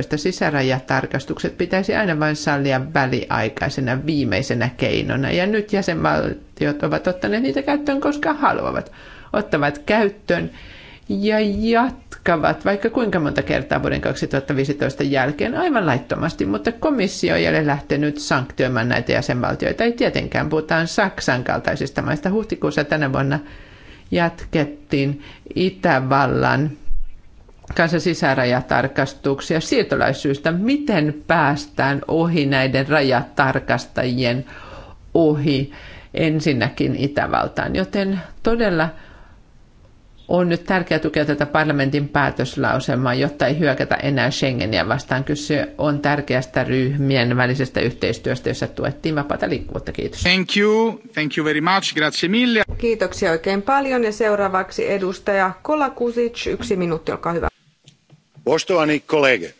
että sisärajatarkastukset pitäisi aina vain sallia väliaikaisena viimeisenä keinona. Ja nyt jäsenvaltiot ovat ottaneet niitä käyttöön, koska haluavat. Ottavat käyttöön ja jatkavat vaikka kuinka monta kertaa vuoden 2015 jälkeen aivan laittomasti, mutta komissio ei ole lähtenyt sanktioimaan näitä jäsenvaltioita. Ei tietenkään, puhutaan Saksan kaltaisista maista. Huhtikuussa tänä vuonna jatkettiin Itävallan kanssa sisärajatarkastuksia siirtolaisuudesta. Miten päästään ohi näiden rajatarkastajien ohi ensinnäkin Itävaltaan? Joten todella on nyt tärkeää tukea tätä parlamentin päätöslausemaa, jotta ei hyökätä enää Schengeniä vastaan. Kyse on tärkeästä ryhmien välisestä yhteistyöstä, jossa tuettiin vapaata liikkuvuutta. Kiitos. Thank you. Thank you very much. Grazie mille. Kiitoksia oikein paljon ja seuraavaksi edustaja Kolakusic. Yksi minuutti, olkaa hyvä potovani kolege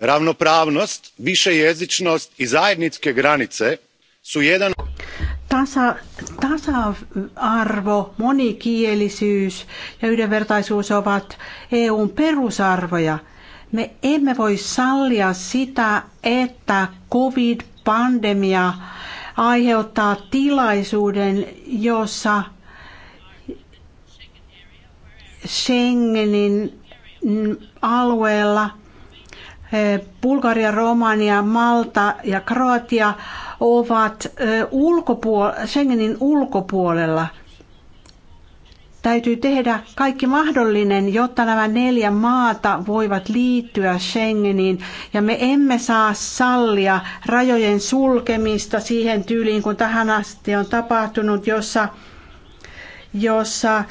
ravnopravnost viejezinost i zajednike granice su jedan Tasa, tasa-arvo, monikielisyys ja yhdenvertaisuus ovat EUn perusarvoja. Me emme voi sallia sitä, että covid-pandemia aiheuttaa tilaisuuden, jossa Schengenin alueella. Bulgaria, Romania, Malta ja Kroatia ovat ulkopuol- Schengenin ulkopuolella. Täytyy tehdä kaikki mahdollinen, jotta nämä neljä maata voivat liittyä Schengeniin. Ja me emme saa sallia rajojen sulkemista siihen tyyliin, kun tähän asti on tapahtunut, jossa, jossa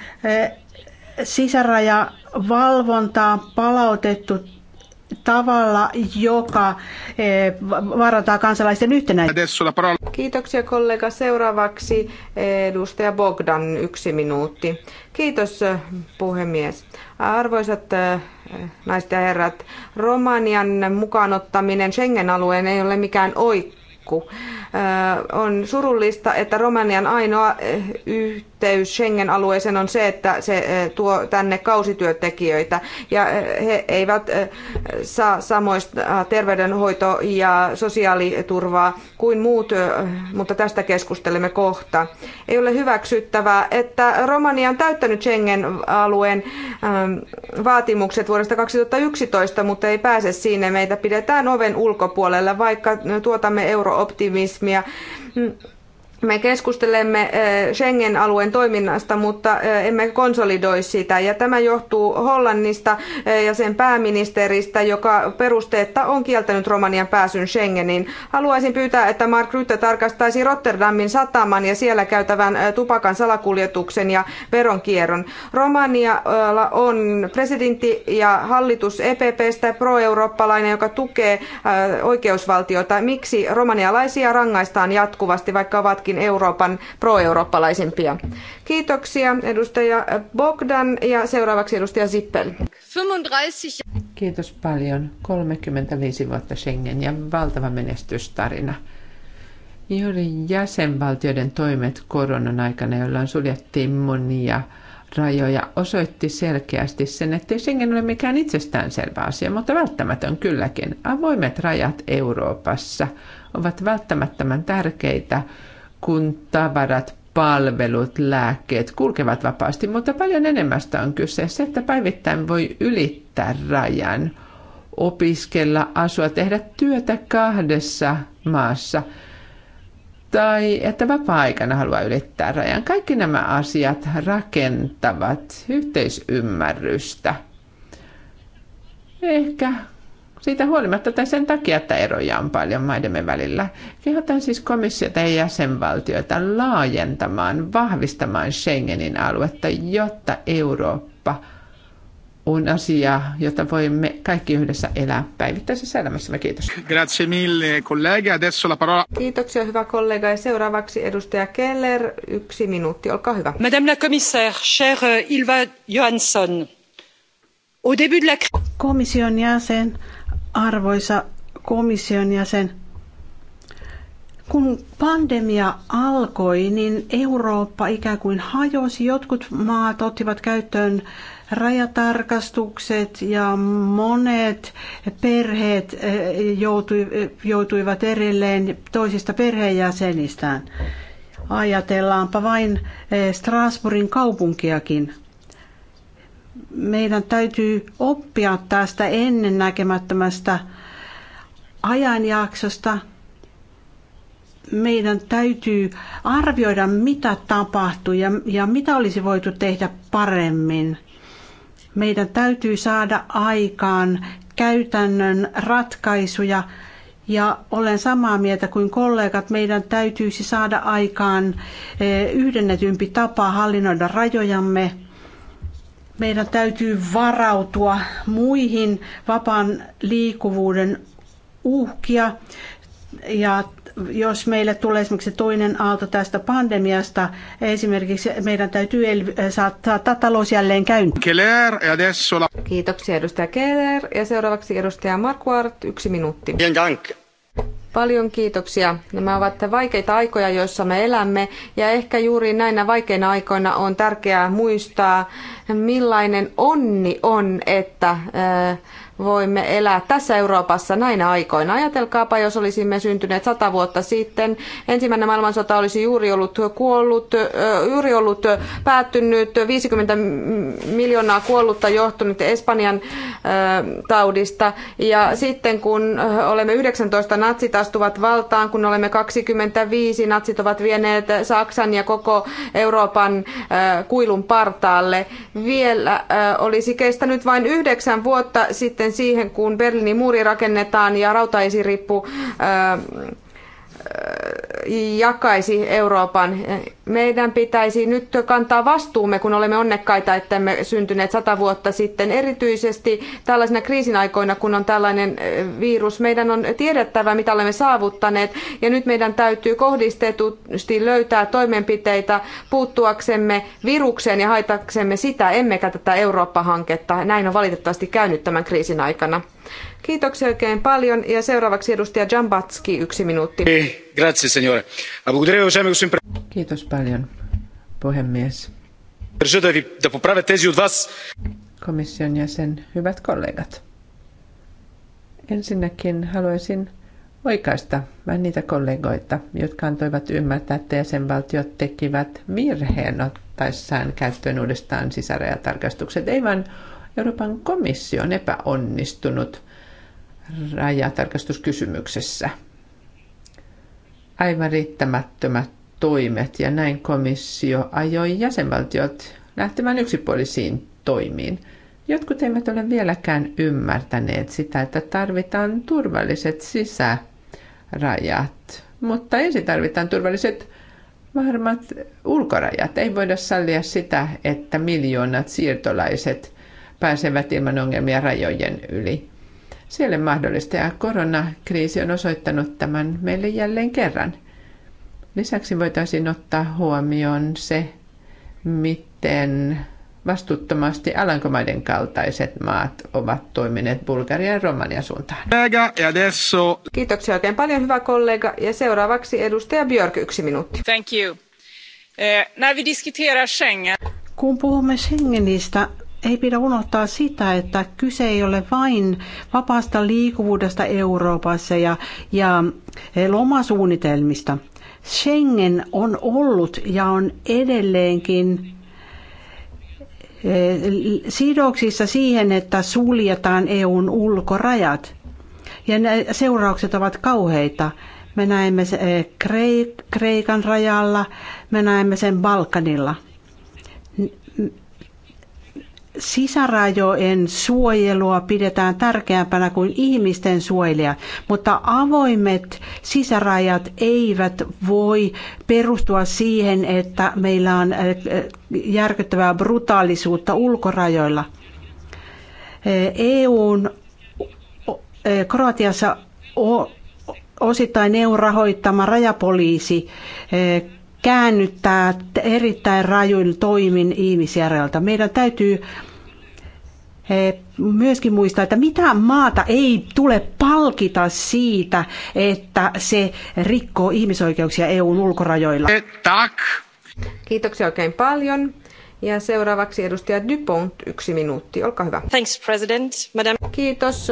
sisärajavalvontaan palautettu tavalla, joka eh, vaarantaa kansalaisten yhtenäisyyttä. Kiitoksia kollega. Seuraavaksi edustaja Bogdan, yksi minuutti. Kiitos puhemies. Arvoisat eh, naiset ja herrat, Romanian mukaanottaminen Schengen-alueen ei ole mikään oikea potku. On surullista, että Romanian ainoa yhteys Schengen-alueeseen on se, että se tuo tänne kausityötekijöitä ja he eivät saa samoista terveydenhoito- ja sosiaaliturvaa kuin muut, mutta tästä keskustelemme kohta. Ei ole hyväksyttävää, että Romania on täyttänyt Schengen-alueen vaatimukset vuodesta 2011, mutta ei pääse sinne. Meitä pidetään oven ulkopuolella, vaikka tuotamme euro optimismia me keskustelemme eh, Schengen-alueen toiminnasta, mutta eh, emme konsolidoi sitä. Ja tämä johtuu Hollannista eh, ja sen pääministeristä, joka perusteetta on kieltänyt Romanian pääsyn Schengeniin. Haluaisin pyytää, että Mark Rutte tarkastaisi Rotterdamin sataman ja siellä käytävän tupakan salakuljetuksen ja veronkierron. Romanialla on presidentti ja hallitus EPPstä pro-eurooppalainen, joka tukee oikeusvaltiota. Miksi romanialaisia rangaistaan jatkuvasti, vaikka ovat ovatkin Euroopan pro-eurooppalaisimpia. Kiitoksia edustaja Bogdan ja seuraavaksi edustaja Zippel. Kiitos paljon. 35 vuotta Schengen ja valtava menestystarina. Juuri jäsenvaltioiden toimet koronan aikana, jolloin suljettiin monia rajoja, osoitti selkeästi sen, että Schengen ole mikään itsestäänselvä asia, mutta välttämätön kylläkin. Avoimet rajat Euroopassa ovat välttämättömän tärkeitä kun tavarat, palvelut, lääkkeet kulkevat vapaasti, mutta paljon enemmästä on kyse se, että päivittäin voi ylittää rajan, opiskella, asua, tehdä työtä kahdessa maassa tai että vapaa-aikana haluaa ylittää rajan. Kaikki nämä asiat rakentavat yhteisymmärrystä. Ehkä siitä huolimatta tai sen takia, että eroja on paljon maidemme välillä. Kehotan siis komissiota ja jäsenvaltioita laajentamaan, vahvistamaan Schengenin aluetta, jotta Eurooppa on asia, jota voimme kaikki yhdessä elää päivittäisessä elämässämme. Kiitos. Grazie mille, collega. Adesso la parola. Kiitoksia, hyvä kollega. Ja seuraavaksi edustaja Keller. Yksi minuutti, olkaa hyvä. Madame la commissaire, cher euh, Ilva Johansson. Au début de la... Komission jäsen, Arvoisa komission jäsen, kun pandemia alkoi, niin Eurooppa ikään kuin hajosi. Jotkut maat ottivat käyttöön rajatarkastukset ja monet perheet eh, joutuivat erilleen toisista perheenjäsenistään. Ajatellaanpa vain eh, Strasbourgin kaupunkiakin meidän täytyy oppia tästä ennennäkemättömästä ajanjaksosta. Meidän täytyy arvioida, mitä tapahtui ja, ja mitä olisi voitu tehdä paremmin. Meidän täytyy saada aikaan käytännön ratkaisuja ja olen samaa mieltä kuin kollegat, meidän täytyisi saada aikaan eh, yhdennetympi tapa hallinnoida rajojamme – meidän täytyy varautua muihin vapaan liikkuvuuden uhkia. Ja jos meille tulee esimerkiksi toinen aalto tästä pandemiasta, esimerkiksi meidän täytyy saattaa talous jälleen käyntiin. ja Kiitoksia edustaja Keller. Ja seuraavaksi edustaja Mark yksi minuutti. Paljon kiitoksia. Nämä ovat vaikeita aikoja, joissa me elämme, ja ehkä juuri näinä vaikeina aikoina on tärkeää muistaa, millainen onni on, että voimme elää tässä Euroopassa näinä aikoina. Ajatelkaapa, jos olisimme syntyneet sata vuotta sitten. Ensimmäinen maailmansota olisi juuri ollut, kuollut, juuri ollut päättynyt, 50 miljoonaa kuollutta johtunut Espanjan taudista. Ja sitten kun olemme 19, natsit astuvat valtaan, kun olemme 25, natsit ovat vieneet Saksan ja koko Euroopan kuilun partaalle. Vielä olisi kestänyt vain yhdeksän vuotta sitten sen siihen, kun Berliinin muuri rakennetaan ja rautaesirippu jakaisi Euroopan. Meidän pitäisi nyt kantaa vastuumme, kun olemme onnekkaita, että me syntyneet sata vuotta sitten. Erityisesti tällaisina kriisin aikoina, kun on tällainen eh, virus, meidän on tiedettävä, mitä olemme saavuttaneet. Ja nyt meidän täytyy kohdistetusti löytää toimenpiteitä puuttuaksemme virukseen ja haitaksemme sitä, emmekä tätä Eurooppa-hanketta. Näin on valitettavasti käynyt tämän kriisin aikana. Kiitoksia oikein paljon ja seuraavaksi edustaja Jambatski, yksi minuutti. Eh, grazie, signore. Kiitos paljon, puhemies. Komission jäsen, hyvät kollegat. Ensinnäkin haluaisin oikaista vähän niitä kollegoita, jotka antoivat ymmärtää, että jäsenvaltiot tekivät virheen ottaessaan käyttöön uudestaan sisärajatarkastukset. Ei vaan Euroopan komissio on epäonnistunut rajatarkastuskysymyksessä. Aivan riittämättömät toimet ja näin komissio ajoi jäsenvaltiot lähtemään yksipuolisiin toimiin. Jotkut eivät ole vieläkään ymmärtäneet sitä, että tarvitaan turvalliset sisärajat, mutta ensin tarvitaan turvalliset varmat ulkorajat. Ei voida sallia sitä, että miljoonat siirtolaiset pääsevät ilman ongelmia rajojen yli. Se ei ole mahdollista ja koronakriisi on osoittanut tämän meille jälleen kerran. Lisäksi voitaisiin ottaa huomioon se, miten vastuuttomasti Alankomaiden kaltaiset maat ovat toimineet Bulgarian ja Romania suuntaan. Kiitoksia oikein paljon, hyvä kollega. Ja seuraavaksi edustaja Björk, yksi minuutti. Thank you. Eh, när vi diskuterar Schengen... Kun puhumme Schengenistä, ei pidä unohtaa sitä, että kyse ei ole vain vapaasta liikkuvuudesta Euroopassa ja, ja lomasuunnitelmista. Schengen on ollut ja on edelleenkin eh, sidoksissa siihen, että suljetaan EUn ulkorajat. Ja ne seuraukset ovat kauheita. Me näemme sen eh, Kreikan rajalla, me näemme sen Balkanilla sisärajojen suojelua pidetään tärkeämpänä kuin ihmisten suojelija, mutta avoimet sisärajat eivät voi perustua siihen, että meillä on äh, järkyttävää brutaalisuutta ulkorajoilla. Äh, EUn äh, Kroatiassa osittain EU-rahoittama rajapoliisi käännyttää erittäin rajuin toimin ihmisjärjeltä. Meidän täytyy eh, myöskin muistaa, että mitä maata ei tule palkita siitä, että se rikkoo ihmisoikeuksia EUn ulkorajoilla. Tak. Kiitoksia oikein paljon. Ja seuraavaksi edustaja Dupont, yksi minuutti. Olkaa hyvä. Thanks, President. Madame. Kiitos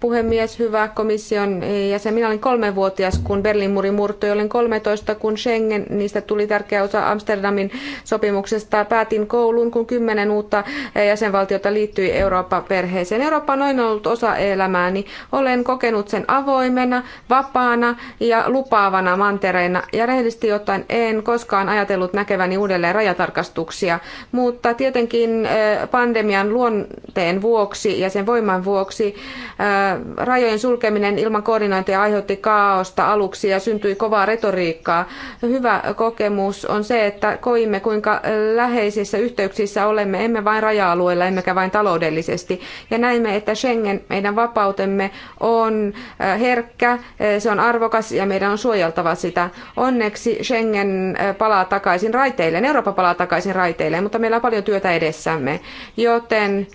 puhemies, hyvä komission jäsen. Minä olin kolmevuotias, kun Berliin muri murtui. Olin 13, kun Schengen, niistä tuli tärkeä osa Amsterdamin sopimuksesta. Päätin koulun, kun kymmenen uutta jäsenvaltiota liittyi Eurooppa-perheeseen. Eurooppa on aina ollut osa elämääni. Olen kokenut sen avoimena, vapaana ja lupaavana mantereena. Ja rehellisesti ottaen en koskaan ajatellut näkeväni uudelleen rajatarkastuksia. Mutta tietenkin eh, pandemian luonteen vuoksi ja sen voiman vuoksi eh, rajojen sulkeminen ilman koordinointia aiheutti kaaosta aluksi ja syntyi kovaa retoriikkaa. Hyvä kokemus on se, että koimme kuinka läheisissä yhteyksissä olemme, emme vain raja-alueilla, emmekä vain taloudellisesti. Ja näimme, että Schengen, meidän vapautemme, on äh, herkkä, äh, se on arvokas ja meidän on suojeltava sitä. Onneksi Schengen äh, palaa takaisin raiteilleen, Eurooppa palaa takaisin raiteilleen, mutta meillä on paljon työtä edessämme. Joten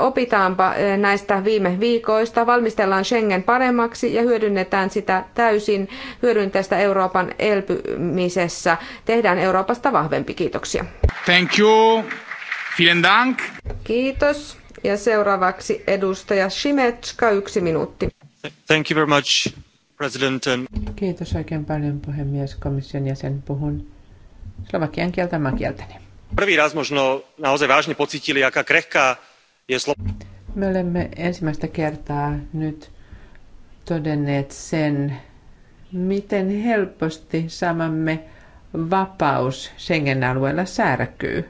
opitaanpa näistä viime viikoista, valmistellaan Schengen paremmaksi ja hyödynnetään sitä täysin hyödyntästä Euroopan elpymisessä. Tehdään Euroopasta vahvempi. Kiitoksia. Thank you. Vielen Dank. Kiitos. Ja seuraavaksi edustaja Shimetska, yksi minuutti. Thank you very much, President. Kiitos oikein paljon puhemies, komission jäsen. Puhun slovakian kieltä, mä kieltäni. Prvý raz možno naozaj vážne pocítili, aká krehká me olemme ensimmäistä kertaa nyt todenneet sen, miten helposti samamme vapaus Schengen-alueella särkyy.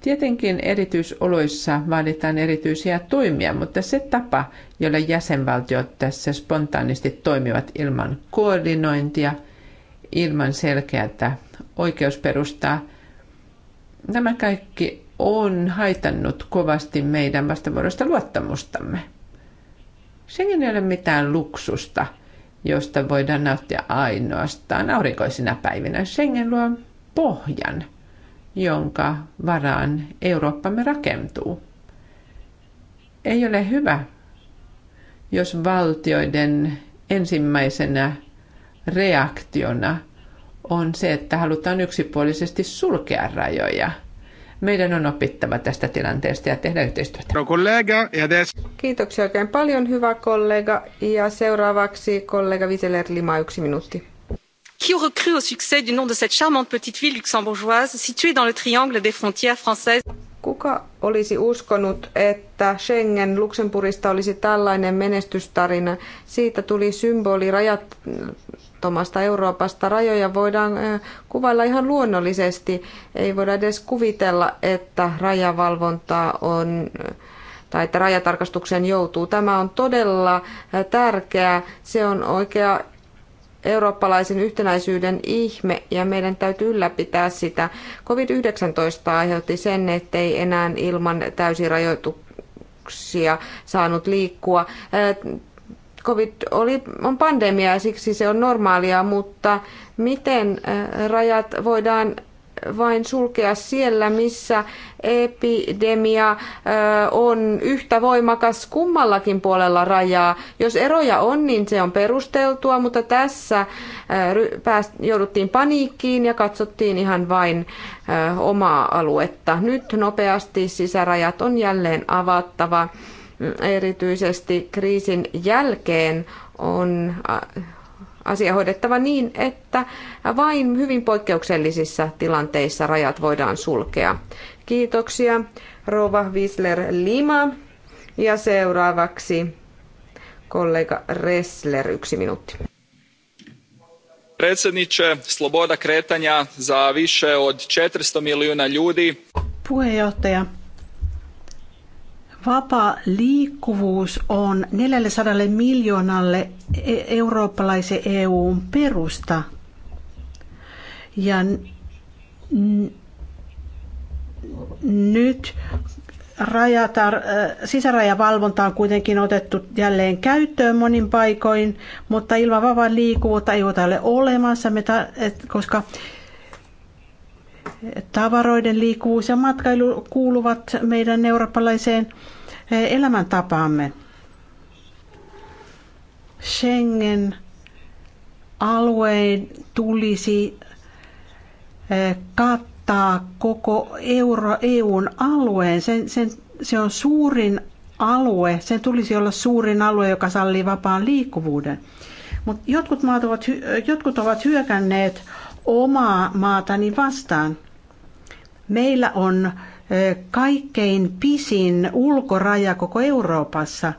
Tietenkin erityisoloissa vaaditaan erityisiä toimia, mutta se tapa, jolla jäsenvaltiot tässä spontaanisti toimivat ilman koordinointia, ilman selkeää oikeusperustaa, nämä kaikki on haitannut kovasti meidän vastavuoroista luottamustamme. Sekin ei ole mitään luksusta, josta voidaan nauttia ainoastaan aurinkoisina päivinä. Schengen luo pohjan, jonka varaan Eurooppamme rakentuu. Ei ole hyvä, jos valtioiden ensimmäisenä reaktiona on se, että halutaan yksipuolisesti sulkea rajoja – meidän on opittava tästä tilanteesta ja tehdä yhteistyötä. E Kiitoksia oikein paljon, hyvä kollega. Ja seuraavaksi kollega Viseler Lima, yksi minuutti. Qui aurait cru au succès du nom de cette charmante petite ville luxembourgeoise située dans le triangle des frontières françaises? Kuka olisi uskonut, että Schengen Luxemburgista olisi tällainen menestystarina? Siitä tuli symboli rajat rajattomasta Euroopasta. Rajoja voidaan kuvailla ihan luonnollisesti. Ei voida edes kuvitella, että rajavalvontaa on tai että rajatarkastukseen joutuu. Tämä on todella tärkeää. Se on oikea eurooppalaisen yhtenäisyyden ihme ja meidän täytyy ylläpitää sitä. COVID-19 aiheutti sen, ettei enää ilman täysirajoituksia saanut liikkua. COVID oli, on pandemia ja siksi se on normaalia, mutta miten äh, rajat voidaan vain sulkea siellä, missä epidemia äh, on yhtä voimakas kummallakin puolella rajaa. Jos eroja on, niin se on perusteltua, mutta tässä äh, jouduttiin paniikkiin ja katsottiin ihan vain omaa aluetta. Nyt nopeasti sisärajat on jälleen avattava erityisesti kriisin jälkeen on äh, asia hoidettava niin, että vain hyvin poikkeuksellisissa tilanteissa rajat voidaan sulkea. Kiitoksia Rova Wisler Lima ja seuraavaksi kollega Ressler yksi minuutti. Predsjedniče, sloboda kretanja za više od 400 milijuna ljudi. Puheenjohtaja, Vapaa liikkuvuus on 400 miljoonalle e- eurooppalaisen EUn perusta. Ja nyt rajatar, sisärajavalvonta on kuitenkin otettu jälleen käyttöön monin paikoin, mutta ilman vapaa liikkuvuutta ei ole olemassa, koska tavaroiden liikkuvuus ja matkailu kuuluvat meidän eurooppalaiseen elämäntapaamme. Schengen alueen tulisi eh, kattaa koko euro, EUn alueen. Sen, sen, se on suurin alue, sen tulisi olla suurin alue, joka sallii vapaan liikkuvuuden. Mut jotkut, maat ovat, jotkut ovat hyökänneet omaa maatani vastaan. Meillä on kaikkein pisin ulkoraja koko Euroopassa.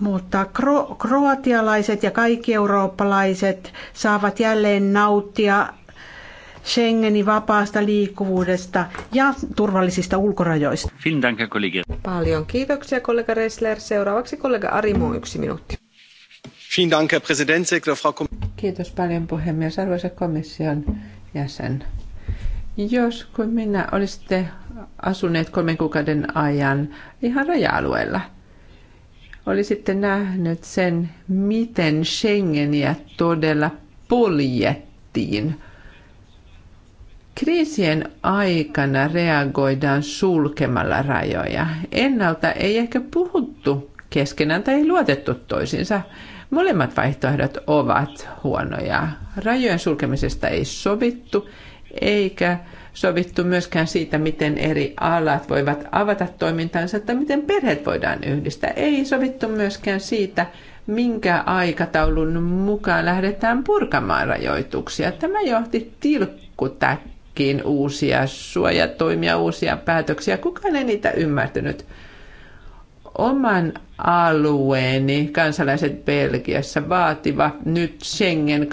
Mutta kro- kroatialaiset ja kaikki eurooppalaiset saavat jälleen nauttia Schengenin vapaasta liikkuvuudesta ja turvallisista ulkorajoista. Paljon kiitoksia kollega Ressler. Seuraavaksi kollega Arimo, yksi minuutti. Kiitos paljon puhemies. Arvoisa komission jäsen. Jos kun minä olisitte asuneet kolmen kuukauden ajan ihan raja-alueella, olisitte nähnyt sen, miten Schengeniä todella poljettiin. Kriisien aikana reagoidaan sulkemalla rajoja. Ennalta ei ehkä puhuttu keskenään tai ei luotettu toisiinsa. Molemmat vaihtoehdot ovat huonoja. Rajojen sulkemisesta ei sovittu eikä sovittu myöskään siitä, miten eri alat voivat avata toimintansa, tai miten perheet voidaan yhdistää. Ei sovittu myöskään siitä, minkä aikataulun mukaan lähdetään purkamaan rajoituksia. Tämä johti tilkkutäkkiin uusia suojatoimia, uusia päätöksiä. Kukaan ei niitä ymmärtänyt. Oman alueeni kansalaiset Belgiassa vaativat nyt Schengen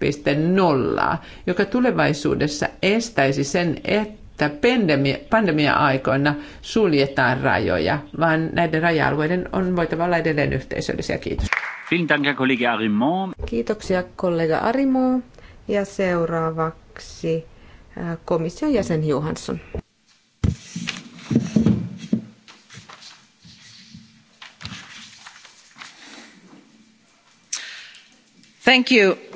2.0, joka tulevaisuudessa estäisi sen, että pandemia, pandemia-aikoina suljetaan rajoja, vaan näiden raja-alueiden on voitava olla edelleen yhteisöllisiä. Kiitos. Kiitoksia kollega Arimo. Ja seuraavaksi äh, komission jäsen Johansson. Thank you.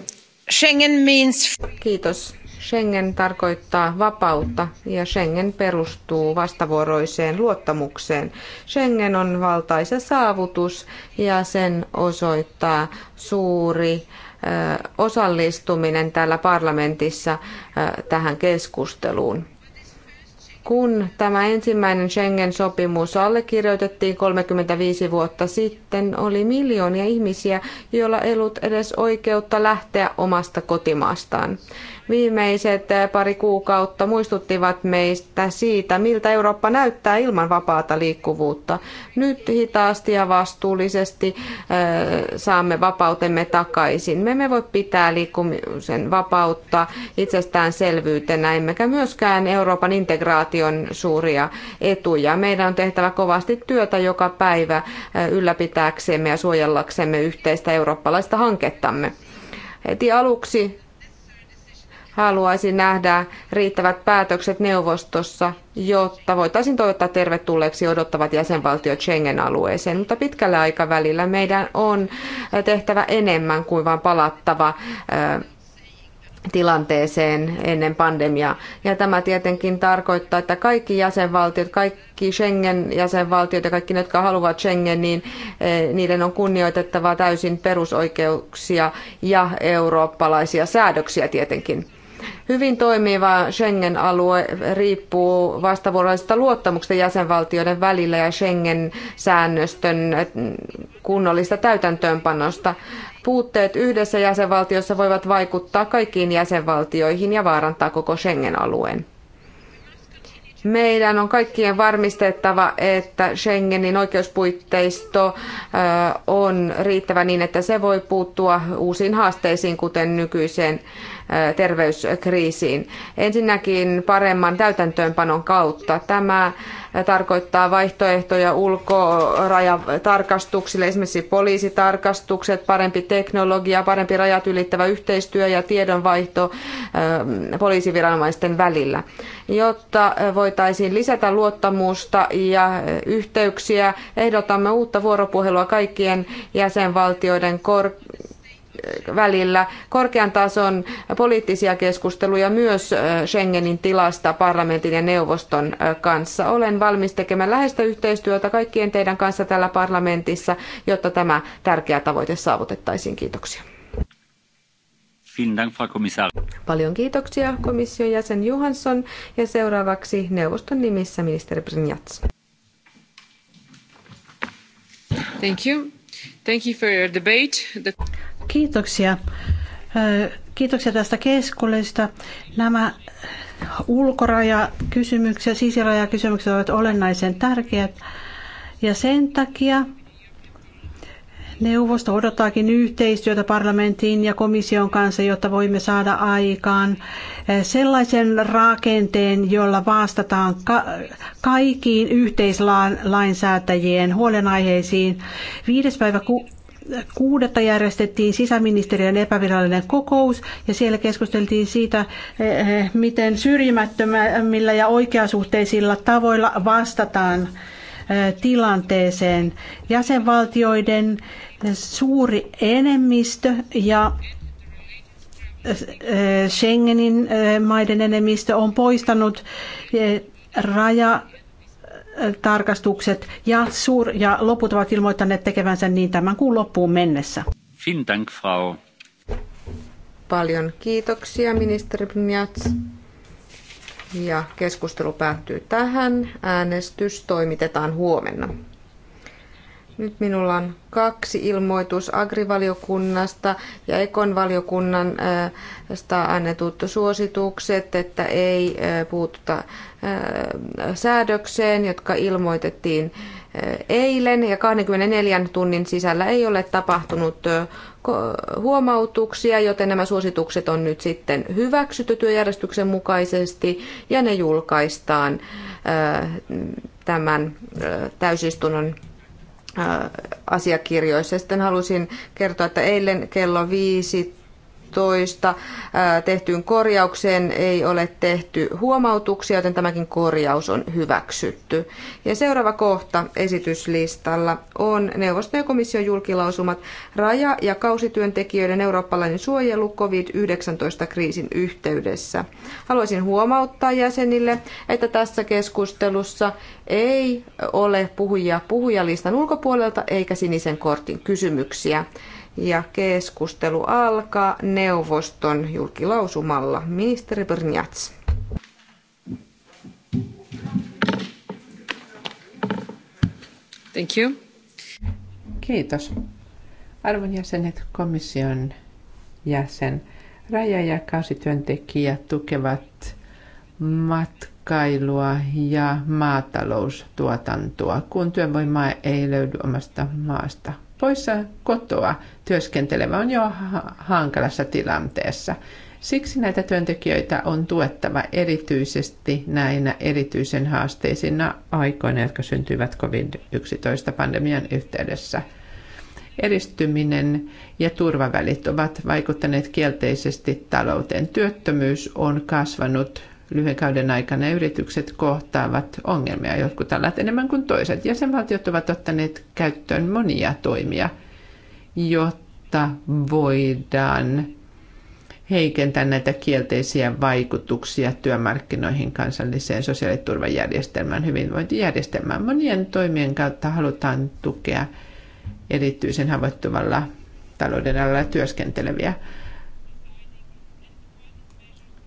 Schengen means... Kiitos. Schengen tarkoittaa vapautta ja Schengen perustuu vastavuoroiseen luottamukseen. Schengen on valtaisa saavutus ja sen osoittaa suuri osallistuminen täällä parlamentissa tähän keskusteluun. Kun tämä ensimmäinen Schengen-sopimus allekirjoitettiin 35 vuotta sitten, oli miljoonia ihmisiä, joilla ei ollut edes oikeutta lähteä omasta kotimaastaan. Viimeiset eh, pari kuukautta muistuttivat meistä siitä, miltä Eurooppa näyttää ilman vapaata liikkuvuutta. Nyt hitaasti ja vastuullisesti eh, saamme vapautemme takaisin. Me emme voi pitää liikkumisen vapautta itsestäänselvyytenä, emmekä myöskään Euroopan integraation suuria etuja. Meidän on tehtävä kovasti työtä joka päivä eh, ylläpitääksemme ja suojellaksemme yhteistä eurooppalaista hankettamme. Heti aluksi haluaisin nähdä riittävät päätökset neuvostossa, jotta voitaisiin toivottaa tervetulleeksi odottavat jäsenvaltiot Schengen-alueeseen. Mutta pitkällä aikavälillä meidän on tehtävä enemmän kuin vain palattava tilanteeseen ennen pandemiaa. Ja tämä tietenkin tarkoittaa, että kaikki jäsenvaltiot, kaikki Schengen-jäsenvaltiot ja kaikki ne, jotka haluavat Schengen, niin niiden on kunnioitettava täysin perusoikeuksia ja eurooppalaisia säädöksiä tietenkin. Hyvin toimiva Schengen-alue riippuu vastavuoroisesta luottamuksesta jäsenvaltioiden välillä ja Schengen-säännöstön kunnollista täytäntöönpanosta. Puutteet yhdessä jäsenvaltiossa voivat vaikuttaa kaikkiin jäsenvaltioihin ja vaarantaa koko Schengen-alueen. Meidän on kaikkien varmistettava, että Schengenin oikeuspuitteisto on riittävä niin, että se voi puuttua uusiin haasteisiin, kuten nykyiseen terveyskriisiin. Ensinnäkin paremman täytäntöönpanon kautta. Tämä tarkoittaa vaihtoehtoja ulkorajatarkastuksille, esimerkiksi poliisitarkastukset, parempi teknologia, parempi rajat ylittävä yhteistyö ja tiedonvaihto ähm, poliisiviranomaisten välillä. Jotta äh, voitaisiin lisätä luottamusta ja äh, yhteyksiä, ehdotamme uutta vuoropuhelua kaikkien jäsenvaltioiden kor- välillä korkean tason poliittisia keskusteluja myös Schengenin tilasta parlamentin ja neuvoston kanssa. Olen valmis tekemään läheistä yhteistyötä kaikkien teidän kanssa täällä parlamentissa, jotta tämä tärkeä tavoite saavutettaisiin. Kiitoksia. Paljon kiitoksia komission jäsen Johansson ja seuraavaksi neuvoston nimissä ministeri Brinjats. Thank you. Thank you for your debate. The... Kiitoksia. Kiitoksia tästä keskustelusta. Nämä ulkorajakysymykset ja sisärajakysymykset ovat olennaisen tärkeät. Ja sen takia neuvosto odottaakin yhteistyötä parlamentin ja komission kanssa, jotta voimme saada aikaan sellaisen rakenteen, jolla vastataan kaikkiin yhteislainsäätäjien huolenaiheisiin. 5. päivä kuudetta järjestettiin sisäministeriön epävirallinen kokous ja siellä keskusteltiin siitä, eh, eh, miten syrjimättömillä ja oikeasuhteisilla tavoilla vastataan eh, tilanteeseen. Jäsenvaltioiden suuri enemmistö ja Schengenin maiden enemmistö on poistanut raja tarkastukset ja Suur ja loput ovat ilmoittaneet tekevänsä niin tämän kuun loppuun mennessä. Vielen Dank, Frau. Paljon kiitoksia, ministeri Pnjats. Ja keskustelu päättyy tähän. Äänestys toimitetaan huomenna. Nyt minulla on kaksi ilmoitus agrivaliokunnasta ja ekonvaliokunnan äh, annetut suositukset, että ei äh, puututa äh, säädökseen, jotka ilmoitettiin eilen ja 24 tunnin sisällä ei ole tapahtunut huomautuksia, joten nämä suositukset on nyt sitten hyväksytty työjärjestyksen mukaisesti ja ne julkaistaan tämän täysistunnon Äh, asiakirjoissa. Sitten halusin kertoa, että eilen kello viisi. 2016 äh, tehtyyn korjaukseen ei ole tehty huomautuksia, joten tämäkin korjaus on hyväksytty. Ja seuraava kohta esityslistalla on neuvoston ja komission julkilausumat raja- ja kausityöntekijöiden eurooppalainen suojelu COVID-19-kriisin yhteydessä. Haluaisin huomauttaa jäsenille, että tässä keskustelussa ei ole puhujia puhujalistan ulkopuolelta eikä sinisen kortin kysymyksiä ja keskustelu alkaa neuvoston julkilausumalla. Ministeri Brnjats. Thank you. Kiitos. Arvon jäsenet, komission jäsen, raja- ja kausityöntekijät tukevat matkailua ja maataloustuotantoa, kun työvoimaa ei löydy omasta maasta poissa kotoa työskentelevä on jo hankalassa tilanteessa. Siksi näitä työntekijöitä on tuettava erityisesti näinä erityisen haasteisina aikoina, jotka syntyvät COVID-19-pandemian yhteydessä. Eristyminen ja turvavälit ovat vaikuttaneet kielteisesti talouteen. Työttömyys on kasvanut lyhyen kauden aikana yritykset kohtaavat ongelmia, jotkut alat enemmän kuin toiset. Jäsenvaltiot ovat ottaneet käyttöön monia toimia, jotta voidaan heikentää näitä kielteisiä vaikutuksia työmarkkinoihin, kansalliseen sosiaaliturvajärjestelmään, hyvinvointijärjestelmään. Monien toimien kautta halutaan tukea erityisen haavoittuvalla talouden alalla työskenteleviä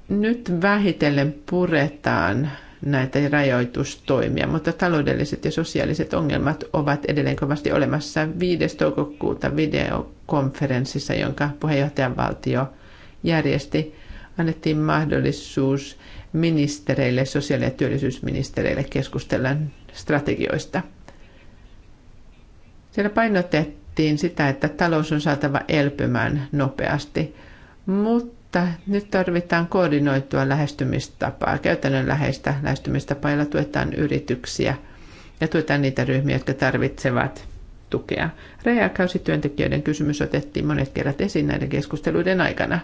nyt vähitellen puretaan näitä rajoitustoimia, mutta taloudelliset ja sosiaaliset ongelmat ovat edelleen kovasti olemassa. 5. toukokuuta videokonferenssissa, jonka puheenjohtajavaltio järjesti, annettiin mahdollisuus ministereille, sosiaali- ja työllisyysministereille keskustella strategioista. Siellä painotettiin sitä, että talous on saatava elpymään nopeasti, mutta mutta nyt tarvitaan koordinoitua lähestymistapaa, käytännönläheistä lähestymistapaa, jolla tuetaan yrityksiä ja tuetaan niitä ryhmiä, jotka tarvitsevat tukea. Rajakausityöntekijöiden kysymys otettiin monet kerrat esiin näiden keskusteluiden aikana.